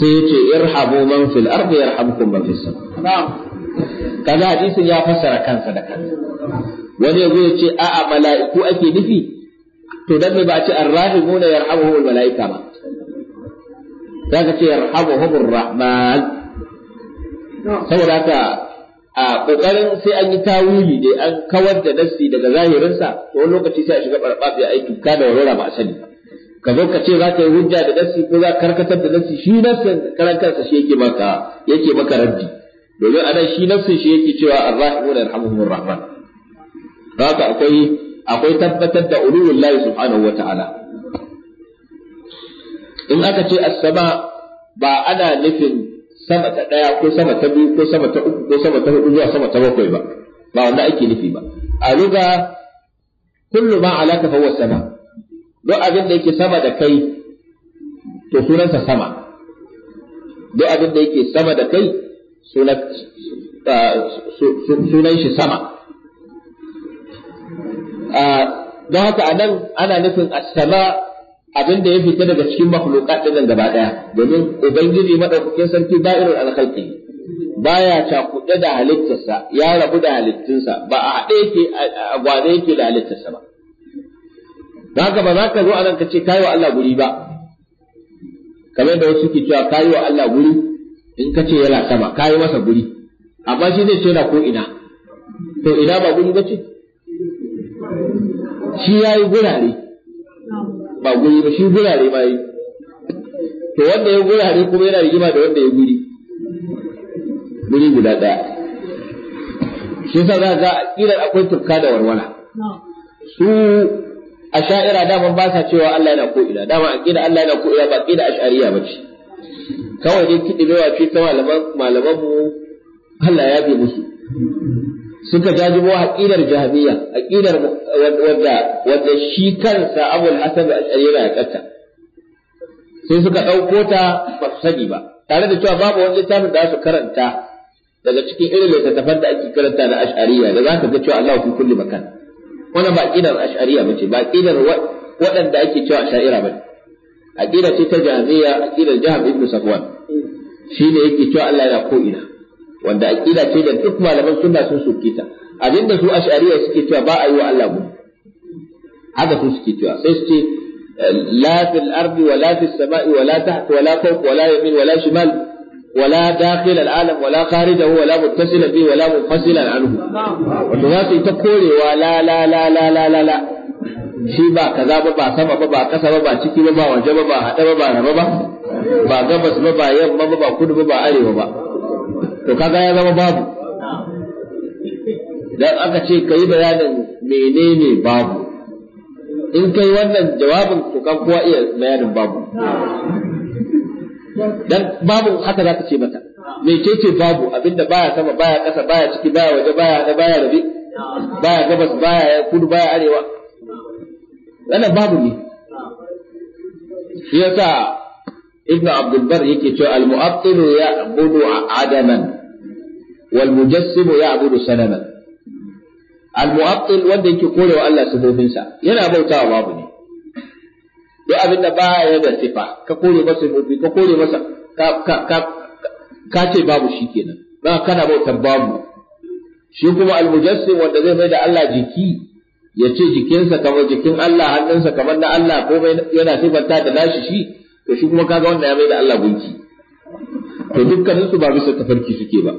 sai ya ce irhamu man fil ardi yarhamukum man fis sama kaga hadisin ya fassara kansa da kansa wani yazo ya ce a'a mala'iku ake nufi to dan me ba ce arrahimuna yarhamuhumul mala'ika ba zaka ce yarhamuhumur rahman saboda ka a kokarin sai an yi tawili dai an kawar da nassi daga zahirinsa to wani lokaci sai a shiga barbabiya aiki kada warwara ba a sani ba ka zo ka ce za ka yi hujja da nasi ko za ka karkatar da nasi shi nassin karan kansa shi yake maka yake maka raddi domin anan shi nassin shi yake cewa arrahimuna yarhamuhumur rahman haka akwai akwai tabbatar da ululul lahi subhanahu wataala in aka ce as-sama ba ana nufin sama ta daya ko sama ta biyu ko sama ta uku ko sama ta hudu zuwa sama ta bakwai ba ba wanda ake nufi ba a ruga kullu ma alaka fa huwa sama' duk abin da yake sama da kai to sunansa sama duk abin da yake sama da kai sunan ah, shi sama ah, don haka a nan ana nufin sama abin da ya fita daga cikin makhlukat ɗin gaba ɗaya domin ubangiji maɗaukakin sarki da'irar alkhalqi baya cakuɗe da halittarsa ya rabu da halittunsa ba a haɗe yake a gwane yake da halittarsa ba da haka ba za ka zo a nan ka ce kayi wa Allah guri ba kamar da wasu ke cewa kayi wa Allah guri in ka ce yana sama kayi masa guri amma shi zai ce na ko ina to ina ba guri ba ce shi ya yi gurare ba guri ba shi gurare ba yi to wanda ya gurare kuma yana rigima da wanda ya guri guri guda ɗaya shi sa za ga ƙirar akwai turka da warwala su asha'ira daman ba sa cewa Allah yana ko ila dama aqida Allah yana ko ila ba aqida ash'ariya ce, kawai dai kidimewa ce ta malaman malaman mu Allah ya bi musu suka jajibo aqidar jahmiya aqidar wanda wanda shi kansa al Hasan al-Ash'ari yana katta sai suka dauko ta ba su sani ba tare da cewa babu wani littafin da su karanta daga cikin irin littattafan da ake karanta na ash'ariya da za ka ga cewa Allah ku kulli makan wannan ba ƙidar ash'ariya bace ba ƙidar waɗanda ake cewa sha'ira bane a ce ta jami'a a ƙidar jihar ibn safwan shi ne yake cewa Allah yana ko ina wanda a ce da duk malaman sunna sun suke ta abinda su ash'ariya suke cewa ba a yi wa Allah gudu haka su suke cewa sai su ce la fil ardi wa la fis sama'i wa la tahta wa la fawq wa la yamin wa la shimal wala dakhil al'alam wala kharijahu wala muttasil bi wala munfasil anhu wato za su yi ta korewa la la la shi ba kaza ba ba sama ba ba kasa ba ba ciki ba ba waje ba ba hada ba ba raba ba ba gabas ba ba yamma ba ba kudu ba ba arewa ba to kaga ya zama babu dan aka ce kai bayanin menene babu in kai wannan jawabin to kan kowa iya bayanin babu dan babu haka za ta ce mata me ce ce babu abinda baya sama baya ƙasa baya ciki baya waje baya da baya rabe baya gabas baya kudu baya arewa wannan babu ne shi yasa ibnu abdul bar yake cewa al mu'attilu ya'budu adaman wal mujassimu ya'budu sanaman al mu'attil wanda yake korewa Allah sifofinsa yana bautawa babu ne duk abin da ba ya da sifa ka kore masa mutu ka kore masa ka ce babu shi kenan ba kana bautar babu shi kuma almujassim wanda zai mai da Allah jiki ya ce jikinsa kamar jikin Allah hannunsa kamar na Allah ko yana sifanta da nashi shi to shi kuma kaga wanda ya mai da Allah gunki to dukkaninsu ba bisa tafarki suke ba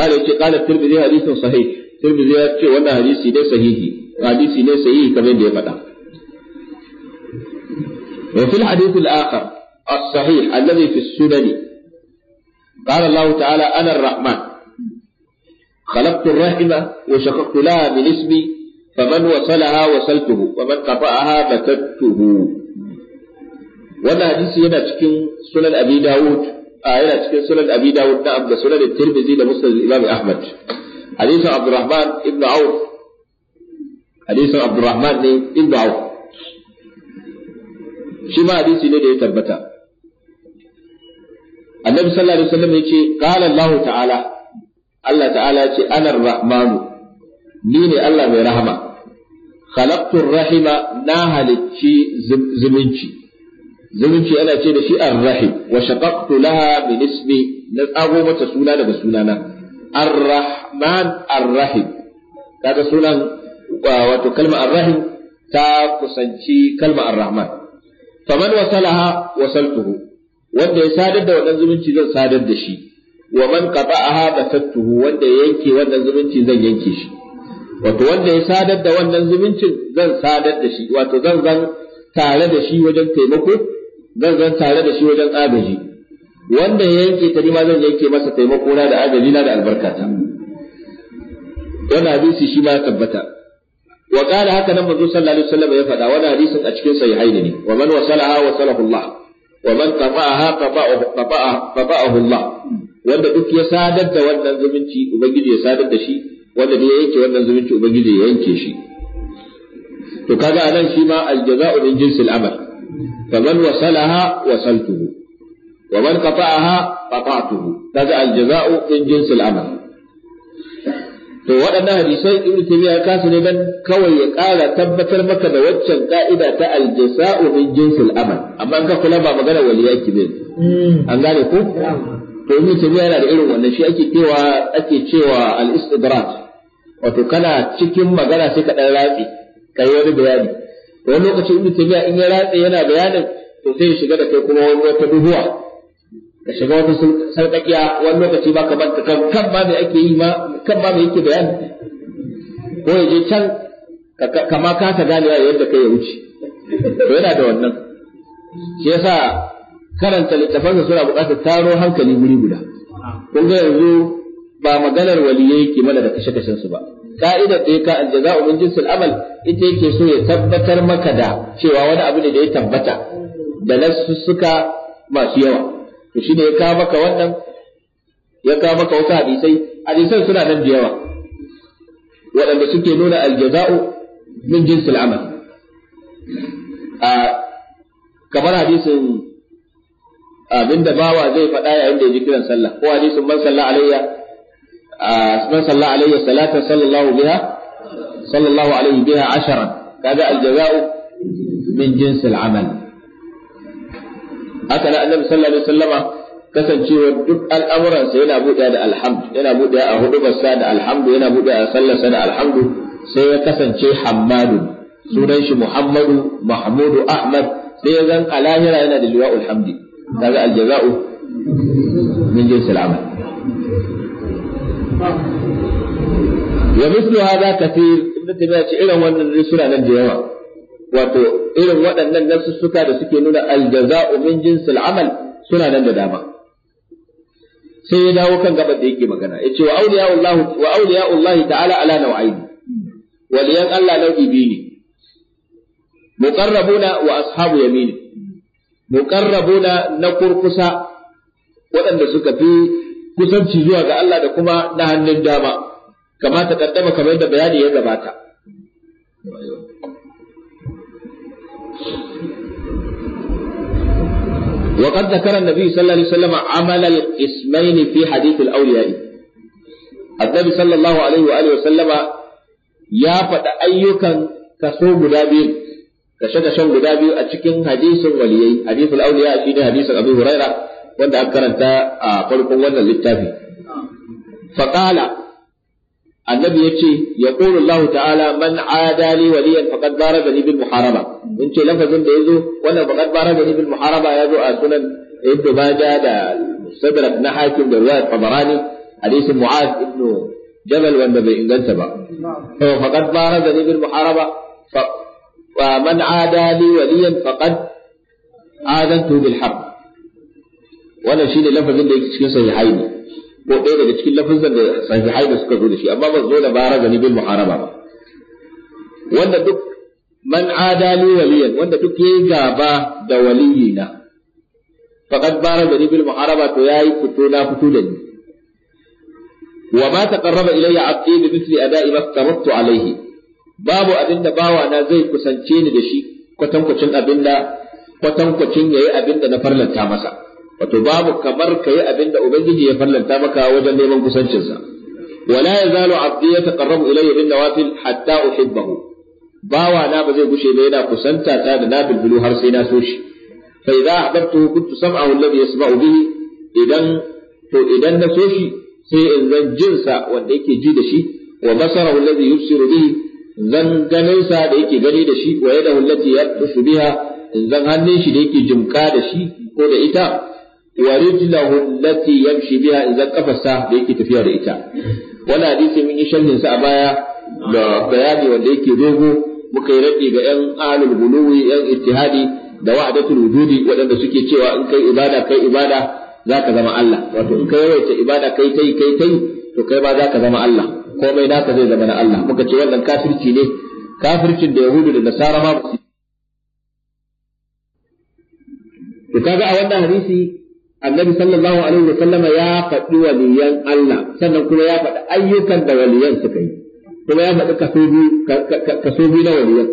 قال قال الترمذي حديث صحيح الترمذي يقول وانا حديث سيدي صحيح حديث سيدي صحيح كما دي بدا وفي الحديث الآخر الصحيح الذي في السنن قال الله تعالى أنا الرحمن خلقت الرحمة وشققت لها من اسمي فمن وصلها وصلته ومن قطعها بتته وانا حديث هنا في سنن أبي داود a yana cikin sunan abi dawud da abda sunan tirmizi da musnad imam ahmad hadisin abdurrahman ibnu auf hadisin abdurrahman ne ibnu auf shi ma hadisi ne da ya tabbata annabi sallallahu alaihi wasallam yace qala allah ta'ala allah ta'ala yace ana rahmanu ni ne allah mai rahama khalaqtu rahima na halicci zumunci zumunci ana ce da shi arrahi wa shaqaqtu laha min ismi na tsago mata suna daga sunana arrahman arrahim kaga sunan wato kalma arrahim ta kusanci kalma arrahman faman wasalaha wasaltuhu wanda ya sadar da wannan zumunci zan sadar da shi wa man qata'aha basattuhu wanda ya yanke wannan zumunci zan yanke shi wato wanda ya sadar da wannan zumuncin zan sadar da shi wato zan zan tare da shi wajen taimako zan zan tare da shi wajen agaji wanda ya yanke ta ma zan yanke masa taimako na da agaji na da albarkata wannan hadisi shi ma tabbata wa qala haka nan manzo sallallahu alaihi wasallam ya faɗa wannan hadisin a cikin sahihain ne wa man wasalaha wasalahu Allah wa man qata'aha qata'ahu Allah wanda duk ya sadar da wannan zumunci ubangiji ya sadar da shi wanda ne ya yanke wannan zumunci ubangiji ya yanke shi to kaga anan shi ma al aljaza'u min jinsil amal faman wasalaha wasaltuhu wa man qata'aha qata'tuhu kaga aljaza'u in jinsil amal to waɗannan hadisai ibnu taymiya kasu ne dan kawai ya ƙara tabbatar maka da waccan ka'ida ta aljaza'u min jinsil amal amma ka kula ba magana waliya ki ne an gane ko to ibnu taymiya yana da irin wannan shi ake cewa ake cewa al-istidrak wato kana cikin magana sai ka dan ratsi kai wani bayani wani lokaci ta biya in ya ratse yana bayanin to sai ya shiga da kai kuma wani wata duhuwa ka shiga wata sarƙaƙiya wani lokaci ba ka banta kan kan ba me ake yi ma kan ba me yake bayani ko ya je can kama kasa gane yadda kai ya wuce to yana da wannan shi yasa karanta littafansa suna buƙatar taro hankali wuri guda kun ga yanzu ba maganar waliyai ke mana da kashe-kashen su ba ka'ida da ka aljaza min jinsul amal ita yake so ya tabbatar maka da cewa wani abu ne da ya tabbata da suka masu yawa to shine ya kawo maka wannan ya kawo maka wasu hadisai hadisan suna nan da yawa waɗanda suke nuna aljaza'u min jinsul amal a kamar hadisin abinda bawa zai faɗa yayin da ya ji kiran sallah ko hadisin man sallah alayya man salla alayhi salatan sallallahu biha sallallahu alayhi biha asharan kaga aljaza'u min jinsi al'amal haka da annabi sallallahu alaihi wasallama kasancewar duk al'amuransa yana buɗe da alhamdu yana buɗe a hudubarsa da alhamdu yana buɗe a sallarsa da alhamdu sai ya kasance hammadu sunan shi muhammadu mahmudu ahmad sai ya zan alahira yana da liwa'ul hamdi kaga aljaza'u min jinsil amal wa mislu hadha kathir ibnu tabi'a ce irin wannan ne suna nan da yawa wato irin waɗannan nasussuka da suke nuna aljaza'u min jinsil amal suna nan da dama sai ya dawo kan gaba da yake magana yace wa awliya'ullah wa awliya'ullah ta'ala ala naw'ain waliyan Allah nau'i biyu ne muqarrabuna wa ashabu yamin muqarrabuna na kurkusa waɗanda suka fi kusanci zuwa ga Allah da kuma na hannun dama kama ta kaddama kamar da bayani ya gabata وقد ذكر النبي صلى الله عليه وسلم عمل القسمين في حديث الأولياء النبي صلى الله عليه وآله وسلم يا فد أيكا كسو مدابين كشك شو مدابين أتشكين حديث وليي حديث الأولياء شين حديث أبي هريرة wanda aka karanta a farkon wannan littafi faqala annabi yace yaqulu Allah ta'ala man adali waliyan faqad barazani bil muharaba in ce lafazin da yazo wannan faqad barazani bil muharaba yazo a sunan ibn Majah da Sadrak ibn Hakim da Riwayat Tabarani hadisin Mu'az ibn Jabal wanda bai inganta ba to faqad barazani bil muharaba fa man adali waliyan faqad adantu bil harb wannan shi shine lafazin da yake cikin sahihai ne ko ɗaya daga cikin lafazin da sahihai da suka zo da shi amma ba zo da bara gani bil muharaba ba wanda duk man adali waliyan wanda duk yayi gaba da waliyina faqad bara gani bil muharaba to yayi fito na fito da ni Wa وما تقرب إلي عبدي بمثل أداء ما افترضت عليه باب أبن باوانا زي كسنتين دشي كتنكتن أبن kwatankwacin ya yi abin da na farlanta masa. wato babu kamar ka yi abin da ubangiji ya fallanta maka wajen neman kusancinsa wala ya abdi yataqarrabu ilayya bin nawafil hatta uhibbahu bawa na ba zai gushe ba yana kusanta ta da nabil bulu har sai na so shi fa idza ahbabtuhu kuntu sam'ahu alladhi yasma'u bihi idan to idan na so shi sai in zan sa wanda yake ji da shi wa basara alladhi yubsiru bihi zan ganin sa da yake gani da shi wa yadahu allati yabtashu biha in zan hannun shi da yake jimka da shi ko da ita wa rijlahu allati yamshi biha idan kafasa da yake tafiya da ita wannan hadisi mun yi sharhin sa a baya da bayani wanda yake dogo muka yi rabi ga yan alul guluwi yan ittihadi da wa'adatul wujudi waɗanda suke cewa in kai ibada kai ibada zaka zama Allah wato in kai yawaita ibada kai tai kai tai to kai ba zaka zama Allah komai naka zai zama na Allah muka ce wannan kafirci ne kafircin da yahudu da nasara ma ba to kaga a wannan hadisi annabi sallallahu alaihi wa sallama ya faɗi waliyan Allah sannan kuma ya faɗi ayyukan da waliyan suka yi kuma ya faɗi kaso biyu na waliyan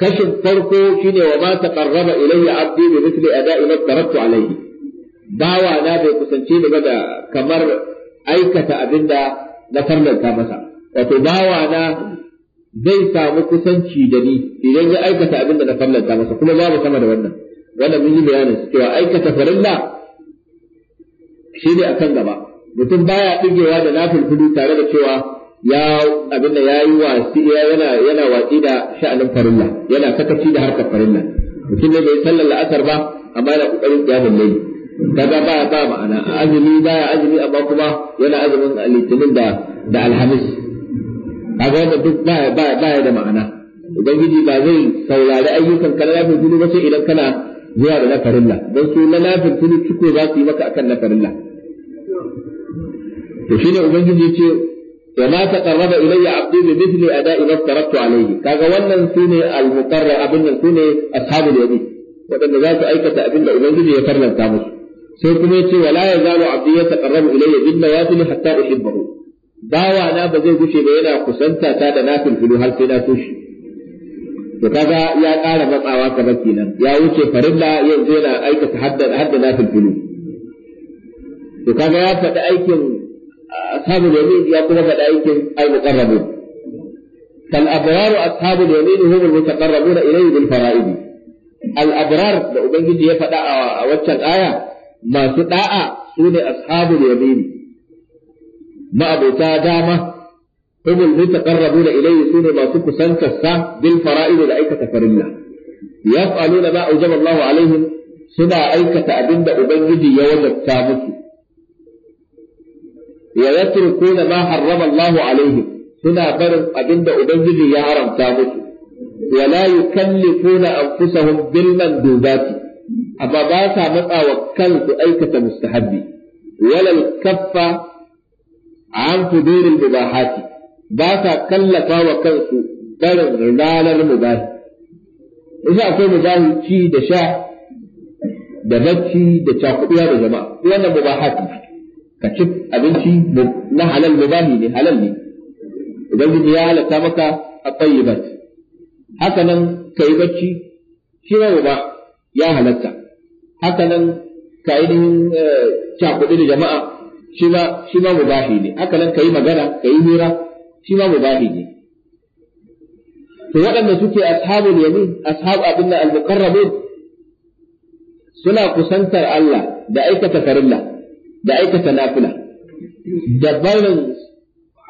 kashin farko shine wa ma taqarraba ilayya abdi bi mithli ada'i ma tarattu alayhi bawa na bai kusance daga da kamar aikata abinda na farlanta masa wato bawa na zai samu kusanci da ni idan ya aikata abinda na farlanta masa kuma babu sama da wannan wanda mun yi bayanin cewa aikata farilla shi ne kan gaba mutum baya digewa da nafin fudu tare da cewa ya abin da yayi wasi yana yana watsi da sha'anin farilla yana sakaci da harkar farilla mutum ne bai sallar la'asar ba amma yana kokarin qiyamul layl kaga ba ba ma'ana azumi baya azumi amma kuma yana azumin litinin da da alhamis kaga wanda duk ba ba da ma'ana ubangiji ba zai saurari ayyukan kana da ba sai idan kana zuwa da nafarilla don su na lafin tuni ciko za su yi maka akan nafarilla to shine ubangiji ce wa ma taqarraba ilayya abdi bi mithli ada'i ma taraktu alayhi kaga wannan sune al-muqarrar abin nan sune ashabul yadi wadanda za su aikata abin da ubangiji ya farlanta musu sai kuma yace wala yazalu abdi ya taqarrabu ilayya bin nawafil hatta uhibbahu bawa na ba zai gushe ba yana kusanta ta da nafil har sai na tushi. to kaga ya ƙara matsawa gaba kenan ya wuce farilla ya je na aikata haddana haddana filfilu to kaga ya faɗi aikin ashabul yamin ya kuma faɗi aikin al muqarrabun fal abrar ashabul yamin hum al mutaqarrabun ilayhi bil fara'id al abrar da ubangiji ya faɗa a waccan aya masu da'a sune ashabul yamin ma'abuta dama هم المتقربون إليه يكون ما سكوا سنكسا بالفرائض لأيك فرلا يفعلون ما أوجب الله عليهم سنة أيكة تأبند أبنجي يوم تامسي ويتركون ما حرم الله عليهم سنة برم أبند أبنجي يحرم تامسي ولا يكلفون أنفسهم بالمندوبات أما باسا مطأ وكلت أيكة مستحبي ولا الكف عن فدور المباحات ba sa kallafa wa kansu barin ranar mubahi isa akwai mubahi ci da sha da bacci da cakuɗuwa da jama'a wannan mubahat ne ka ci abinci na halal mubahi ne halal ne ubangiji ya halatta maka a tayyibat haka nan ka yi bacci shi ma ba ya halatta haka nan ka ainihin eh, cakuɗi da jama'a shi ma mubahi ne haka nan ka yi magana ka yi hira shi ma mubahi ne to waɗanda suke ashabul yamin ashab da al-muqarrabin suna kusantar Allah da aikata farilla da aikata nafila da barin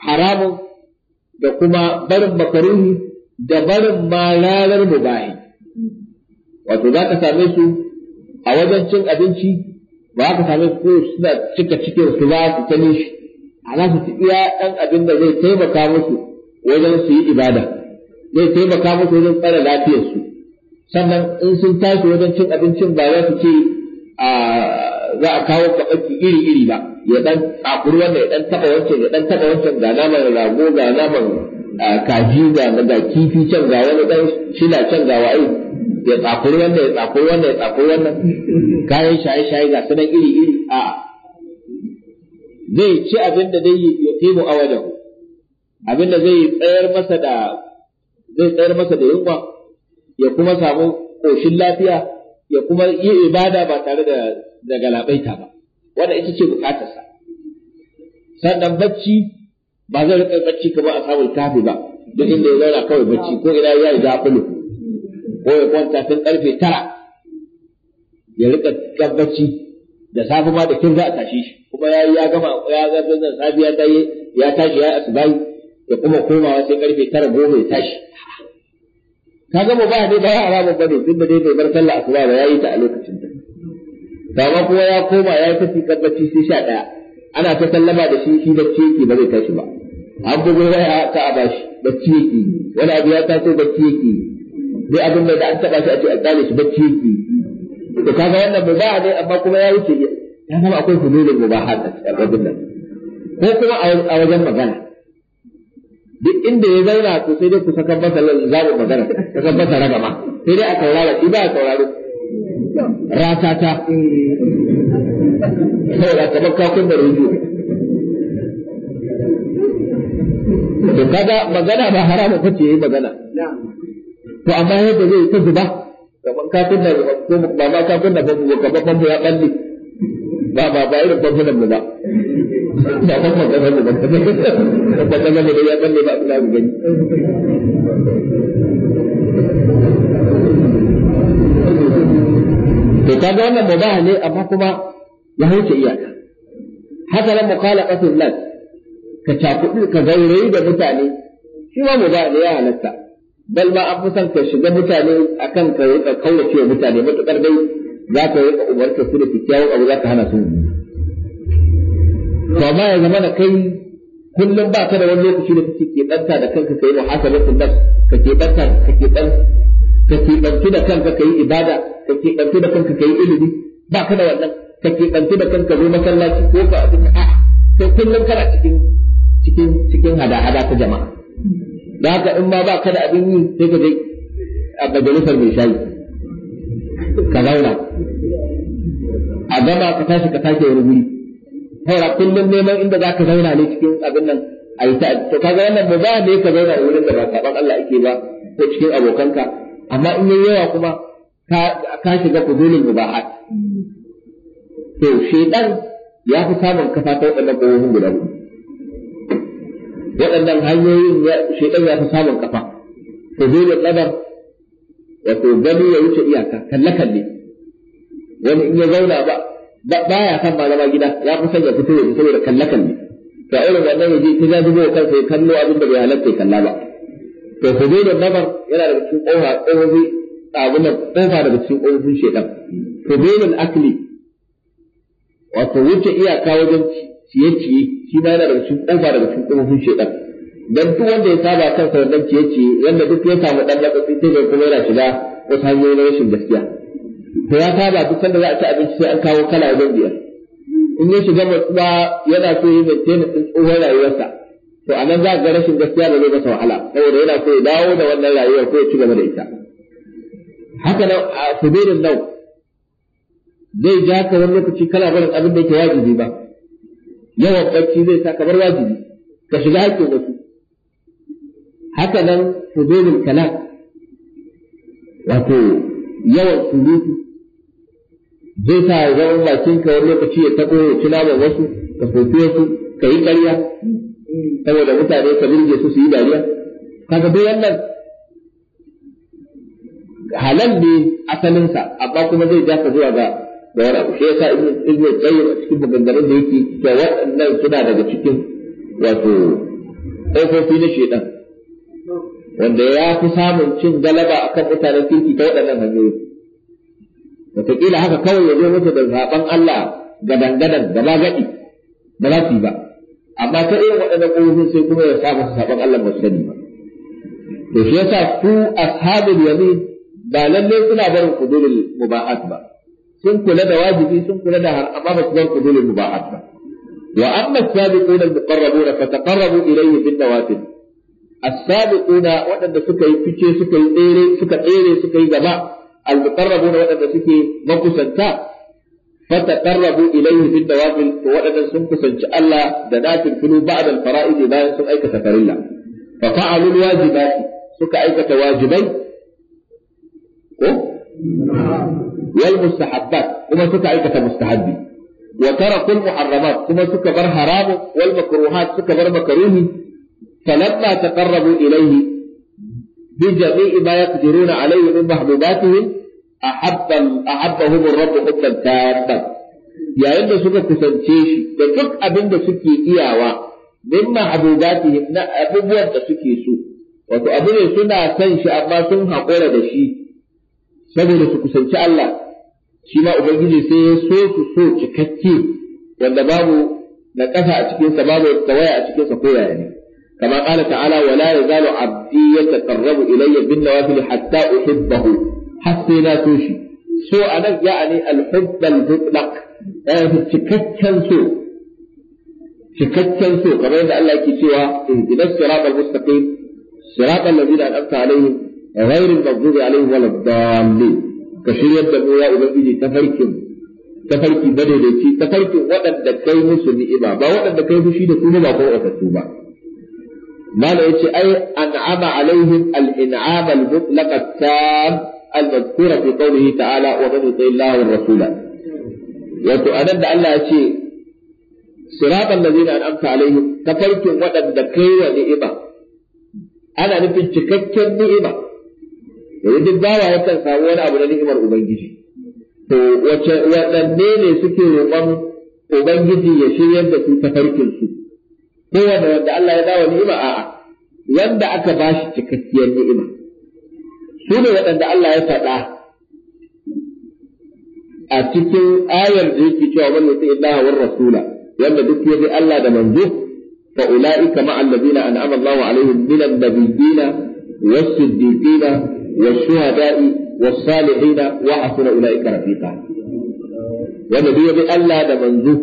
haramun da kuma barin makaruhi da barin malalar mubahi wato za ka same su a wajen cin abinci ba ka same su suna cika cikin su ba su tani shi ana su ci iya ɗan abin da zai taimaka musu wajen su yi ibada zai taimaka musu wajen tsara lafiyarsu sannan in sun tashi wajen cin abincin ba za su ce a za a kawo kaɓaki iri-iri ba ya ɗan tsakuri wanda ya ɗan taɓa wancan ya ɗan taɓa wancan ga naman rago ga naman kaji ga ga kifi can ga wani ɗan shila can ga wa'ai ya tsakuri wanda ya tsakuri wanda ya tsakuri wannan kayan shaye-shaye ga sunan iri-iri a'a zai ci abin da zai yi mu a wajen abin da zai tsayar masa da zai tsayar masa da yunwa ya kuma samu ƙoshin lafiya ya kuma yi ibada ba tare da daga galabaita ba wanda ita ce bukatarsa sannan bacci ba zai rika bacci kamar a samun kafi ba duk inda ya zauna kawai bacci ko ina ya yi zafulu ko ya kwanta tun karfe tara ya rika gabbaci bacci da safe ma da kin za a tashi shi kuma ya ya gama ya ga zan safiya ta yi ya tashi ya asbai da kuma komawa sai karfe tara goma ya tashi ka gama ba ne ba haramun bane duk da dai bai bar sallah asuba ba yayi ta a lokacin ta kama kuma ya koma ya tafi kabbaci sai sha daya ana ta sallama da shi shi bacci yake ba zai tashi ba an bugu waya ta a bashi bacci yake wani abu ya taso bacci yake duk abin da an taba shi a ce a tsale shi bacci yake da ga wannan a ne amma kuma ya wuce ya zama akwai ba haka, a abin nan ko kuma a wajen magana duk inda ya zauna to sai dai ku saka masa mu magana saka masa ragama sai dai a taurara shi ba a tauraro ratata saboda kamar kakun da rubu to kaga magana ba haramu ya yi magana to amma yadda zai ta zuba kamar ka kunna ko ba ma ka kunna ba ko kamar ban ya balli ba ba ba irin ban kunna ba ba ban ma kamar ba ba ba kamar da ya balli ba ina gani to kaga wannan mubah ne amma kuma ya huce iyaka haka nan muqalaqatul nas ka cakudu ka gaurayi da mutane shi ma mubah ne ya halatta bal ma an fi son ka shiga mutane akan ka rika kaurace wa mutane matuƙar dai za ka yi umarta su da kyakkyawan abu za ka hana su to amma ya zama da kai kullum ba ka da wani lokaci da kake ke ɗanta da kanka hasa lokacin da ka ke ɗanta ka ke ɗan ka ke dantu da kanka ka yi ibada ka ke dantu da kanka ka yi ilimi ba ka da wannan ka ke dantu da kanka zo masallaci ko ka abin a'a kai kullum kana cikin cikin cikin hada-hada ta jama'a da haka in ma ba ka da abin yi sai ka je a majalisar mai shayi ka zauna a gama ka tashi ka tashi wani wuri haura kullum neman inda za ka zauna ne cikin abin nan a yi ta to kaga wannan ba za ne ka zauna wurin da ba saban Allah yake ba ko cikin abokanka amma in yayi yawa kuma ka shiga fudulin mubahat to shedan ya fi samun kafa ta wadannan gowon guda biyu waɗannan hanyoyin ɗan ya fi samun kafa to dole ya wato gani ya wuce iyaka kalle kalle wani in ya zauna ba ba ya san ba zama gida ya fi fito ya fito da kalle kalle to a irin wannan yaje ta jazubo kansa ya kallo abin da bai halatta ya kalla ba to da nabar yana daga cikin ƙofa ƙofofi abin da ƙofa daga cikin ƙofofin shaitan hududun akli wato wuce iyaka wajen ciye-ciye shi ma yana daga cikin kofa daga cikin kofofin shedan dan duk wanda ya saba kansa wannan ciye ciye wanda duk ya samu dan latsatsi sai ga kuma yana shiga wasu hanyoyi na rashin gaskiya to ya saba duk sanda za a ci abinci sai an kawo kala a wajen biyar in ya shiga matsuwa yana so yi mai din tsohon rayuwarsa to a nan za ga rashin gaskiya ba zai masa wahala saboda yana so ya dawo da wannan rayuwar ko ya ci gaba da ita haka nan a sabirin nan, zai ja ka wani lokaci kana barin abin da yake wajibi ba yawan bacci zai sa kamar wajibi ka shiga haƙƙin wasu haka nan fudulul kalam wato yawan surutu zai sa a zama bakin ka wani lokaci ya tabo ya ci naman wasu ka soki wasu ka yi ƙarya saboda mutane ka birge su su yi dariya kaga duk wannan halal ne asalinsa amma kuma zai ja ka zuwa ga da wani abu shi yasa ibn qayyim a cikin maganganun da yake da waɗannan suna daga cikin wato ƙofofi na shedan wanda ya fi samun cin galaba akan mutanen kirki ta waɗannan hanyoyi wataƙila haka kawai ya zo musu da zaɓen Allah gadan da gaba gaɗi ba za su yi ba amma ta irin waɗannan ƙofofin sai kuma ya samu saɓon Allah ba su sani ba to shi yasa ku ashabul yamin ba lallai suna barin qudulul mubahat ba sun kula da wajibi sun kula da har amma ba su bar kudulul mubahat ba wa amma as-sabiquna al-muqarrabuna fataqarrabu ilayhi bin nawafil as-sabiquna wadanda suka yi fice suka yi tsere suka tsere suka yi gaba al-muqarrabuna wadanda suke makusanta fataqarrabu ilayhi bin nawafil to wadanda sun kusanci Allah da nafil fulu ba'da al-fara'id bayan sun aikata farilla fa fa'alu al-wajibati suka aikata wajibai ko wal mustahabbat kuma suka aikata mustahabbi wa tarakul muharramat kuma suka bar haramu wal makruhat suka bar makruhi falamma taqarrabu ilayhi bi jami'i ma yaqdiruna alayhi min mahbubatihim ahabba ahabbahum ar-rabb hubban tamman yayin da suka kusance shi da duk abinda da suke iyawa min mahbubatihim na abubuwan da suke so wato abu ne suna san shi amma sun haƙura da shi saboda su kusanci Allah shi ma ubangiji sai ya so su so cikakke wanda babu na ƙasa a cikinsa babu tawaya a cikinsa ko yaya ne kama qala ta'ala wala yazalu abdi yataqarrabu ilayya bin nawafil hatta uhibbahu hatta na so shi so anan ya'ani al-hubb al-mutlaq cikakken so cikakken so kamar yadda Allah yake cewa ihdinas siratal mustaqim siratal ladzina an'amta alaihim غير المغضوب عليهم ولا الضالين كشرية دمويا وبنجي تفركم تفركي بدلتي تفركي وقد دكي مسو نئبا با وقد دكي فشي دكونا با قوة تتوبا ما لأيش أي أنعم عليهم الإنعام المطلق التام المذكورة في قوله تعالى ومن يطع الله والرسول wato a nan da Allah ya ce siratan da zina amsa alaihim tafarkin waɗanda kai wa ni'ima ana nufin cikakken ni'ima yanzu duk bawa yakan samu wani abu na ni'imar ubangiji to wace waɗanne ne suke roƙon ubangiji ya shiryar da su tafarkin su kowanne wanda Allah ya dawo ni'ima a'a wanda aka bashi cikakkiyar ni'ima su ne waɗanda Allah ya faɗa a cikin ayar da yake cewa man yuti illaha war rasula wanda duk ya bi Allah da manzo fa ulaika ma alladhina an'ama Allahu alaihim minan nabiyina والشهداء والصالحين وحسن أولئك رفيقا والنبي بألا ده منذ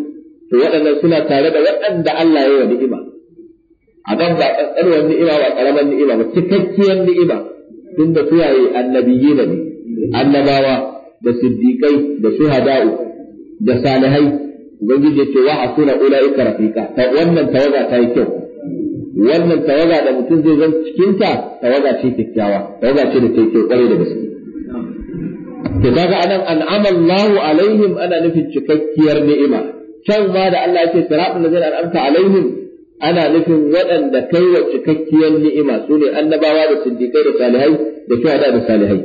وأنا سنة تارد وأن ده ألا يوى نئمة أدام ده أنوى النئمة وأقرب النئمة وتككي النئمة ثم سوى النبيين النباوة da siddiƙai da shuhada'u da salihai ubangiji ya ce wa asuna ula'ika rafiqa ta wannan tawaga ta yi kyau wannan tawaga da mutum zai zan cikinta tawaga ce kyakkyawa tawaga ce da take kwarai da gaske to kaga anan an'ama Allahu alaihim ana nufin cikakkiyar ni'ima can ma da Allah ya ce siratul ladzina an'amta alaihim ana nufin waɗanda kai wa cikakkiyar ni'ima su ne annabawa da siddiqai da salihai da shuhada da salihai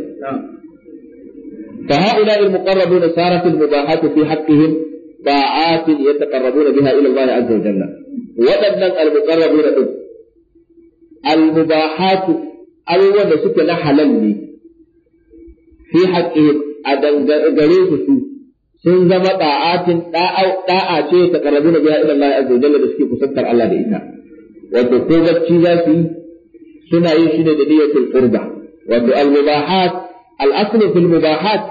فهؤلاء المقربون صارت المباحات في حقهم طاعات يتقربون بها الى الله عز وجل. waɗannan almuqarrabuna din al-mubahatu abubuwan da suke na halal ne fi haƙƙi a dangare su sun zama da'atin da'a ce ta karabu na biya a Allah azza jalla da suke kusantar Allah da ita wato ko za su yi suna yin shi da niyyatul qurba wato al-mubahat al-aslu ba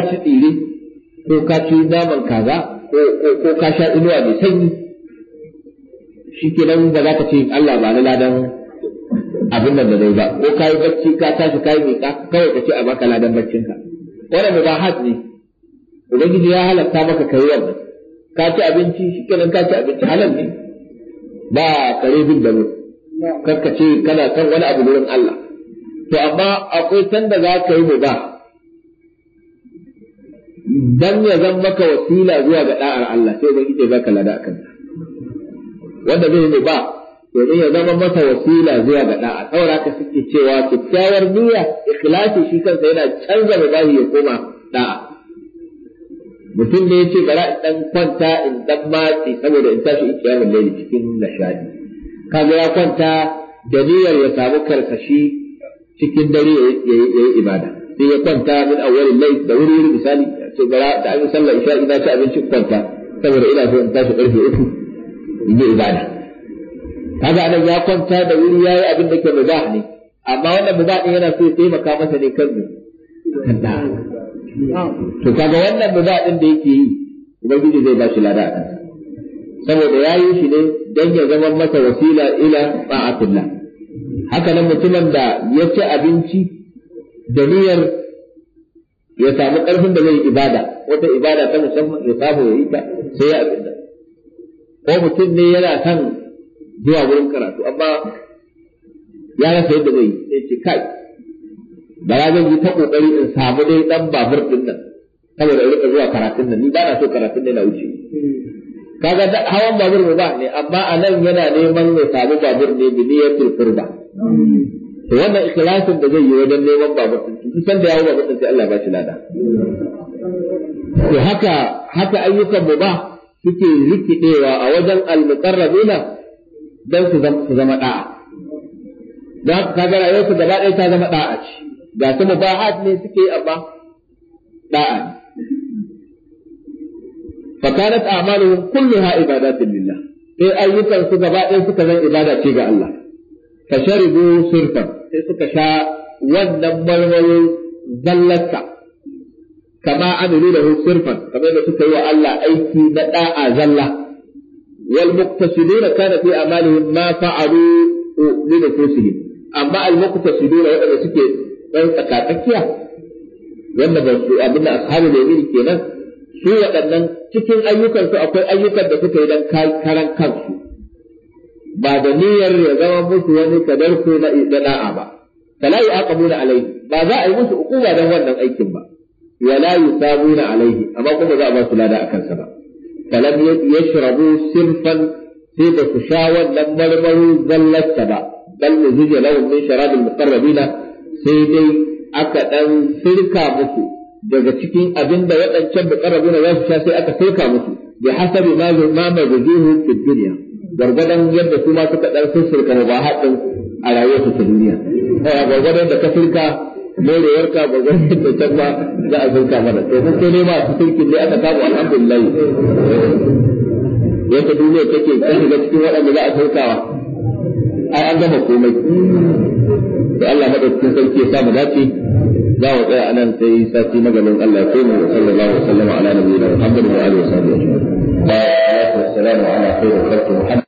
tsire ko ka ci naman kaza ko ka sha inuwa mai sanyi shi ke nan ba za ka ce Allah ba na ladan abin nan da zai ba ko ka yi bacci ka tashi ka yi ka kawai ka ce a baka ladan baccinka wannan mubahat ne ubangiji ya halatta maka kai ne. ka ci abinci shi ke nan ka ci abinci halal ne ba kare bin da mu ka ce kana kan wani abu wurin Allah to amma akwai sanda za ka yi mu ba. dan ya zan maka wasila zuwa ga da'ar Allah sai zan ita baka lada akan wanda zai yi ba domin ya zama masa wasila zuwa ga da'a saboda ka suke cewa kyakkyawar niyya ikhlasi shi kansa yana canza mabahi ya koma da'a mutum ne yace bara in dan kwanta in dan matsi saboda in tashi ikiyamul layli cikin nishadi kaga ya kwanta da niyyar ya samu karkashi cikin dare ya yi ibada sai ya kwanta min awwalil layl da wuri misali ce da an sallar isha ina ci abinci kwanta saboda ina so in tashi karfe uku in yi ibada kaga anan ya kwanta da wuri ya yi abin da ke mubah ne amma wannan mubah ɗin yana so ya taimaka masa ne kan kan to kaga wannan mubah ɗin da yake yi ubangiji zai ba shi lada a kansa saboda ya yi shi ne don ya zama masa wasila ila ba'atullah haka nan mutumin da ya ci abinci da niyyar ya samu ƙarfin da zai yi ibada wata ibada ta musamman ya samu ya yi ta sai ya abin da ko mutum ne yana kan zuwa wurin karatu amma ya rasa yadda zai yi sai ce kai za zan yi ta kokari in samu dai dan babur din nan saboda in rika zuwa karatun nan ni ba na so karatun nan na wuce kaga hawan babur ba ne amma a nan yana neman ya samu babur ne bi niyyar ba to wannan ikhlasin da zai yi wajen neman babar sun san da yawo babar sun sai Allah ba shi lada to haka haka ayyukan mu ba suke rikidewa a wajen almuqarrabina dan su zama da'a da haka kaga rayuwarsu gaba ɗaya ta zama da'a ce ga su mubahat ne suke yi amma da'a ne فكانت أعمالهم كلها عبادات su إيه أيوكا سكبا إيه سكبا عبادة تيجا الله فشربوا sirfan sai suka sha wannan marmarin zallarsa kama amilu da sirfan kamar da suka yi wa Allah aiki na da'a zalla wal muqtasiduna kana fi amalihim ma fa'alu li nufusihim amma al muqtasiduna wanda suke dan tsakatsakiya wanda ba su abin da ashabu da yiri kenan su waɗannan cikin ayyukansu akwai ayyukan da suka yi dan karan kansu ba da niyyar ya zama musu wani kadarko na da'a ba fala muna alaihi ba za a yi musu hukuma don wannan aikin ba wala yusabuna alaihi amma kuma za a ba su lada akan sa ba falam yashrabu sirfan sai ba su sha wannan marmaru zallarsa ba Dan bal nuzuja lahum min sharabil muqarrabina sai dai aka dan sirka musu daga cikin abin da waɗancan muqarrabuna za su sha sai aka sirka musu bi hasabi ma ma mazuhu fi dunya gargadan yadda su ma suka dan sirka ba haɗin a rayuwar ta duniya eh, gargadan da ka sirka yarka gargadan da ta ba za a sirka mana to mun sai ne ma su sirki dai aka kawo alhamdulillah eh, yadda duniya take kan shiga cikin waɗanda za a sirkawa ai an gama komai da Allah madaukakin sarki ya sa mu dace za mu tsaya anan sai sati maganin Allah ya kai mu sallallahu alaihi wa sallam ala nabiyina Muhammad wa alihi wa sahbihi السلام على خير خلق محمد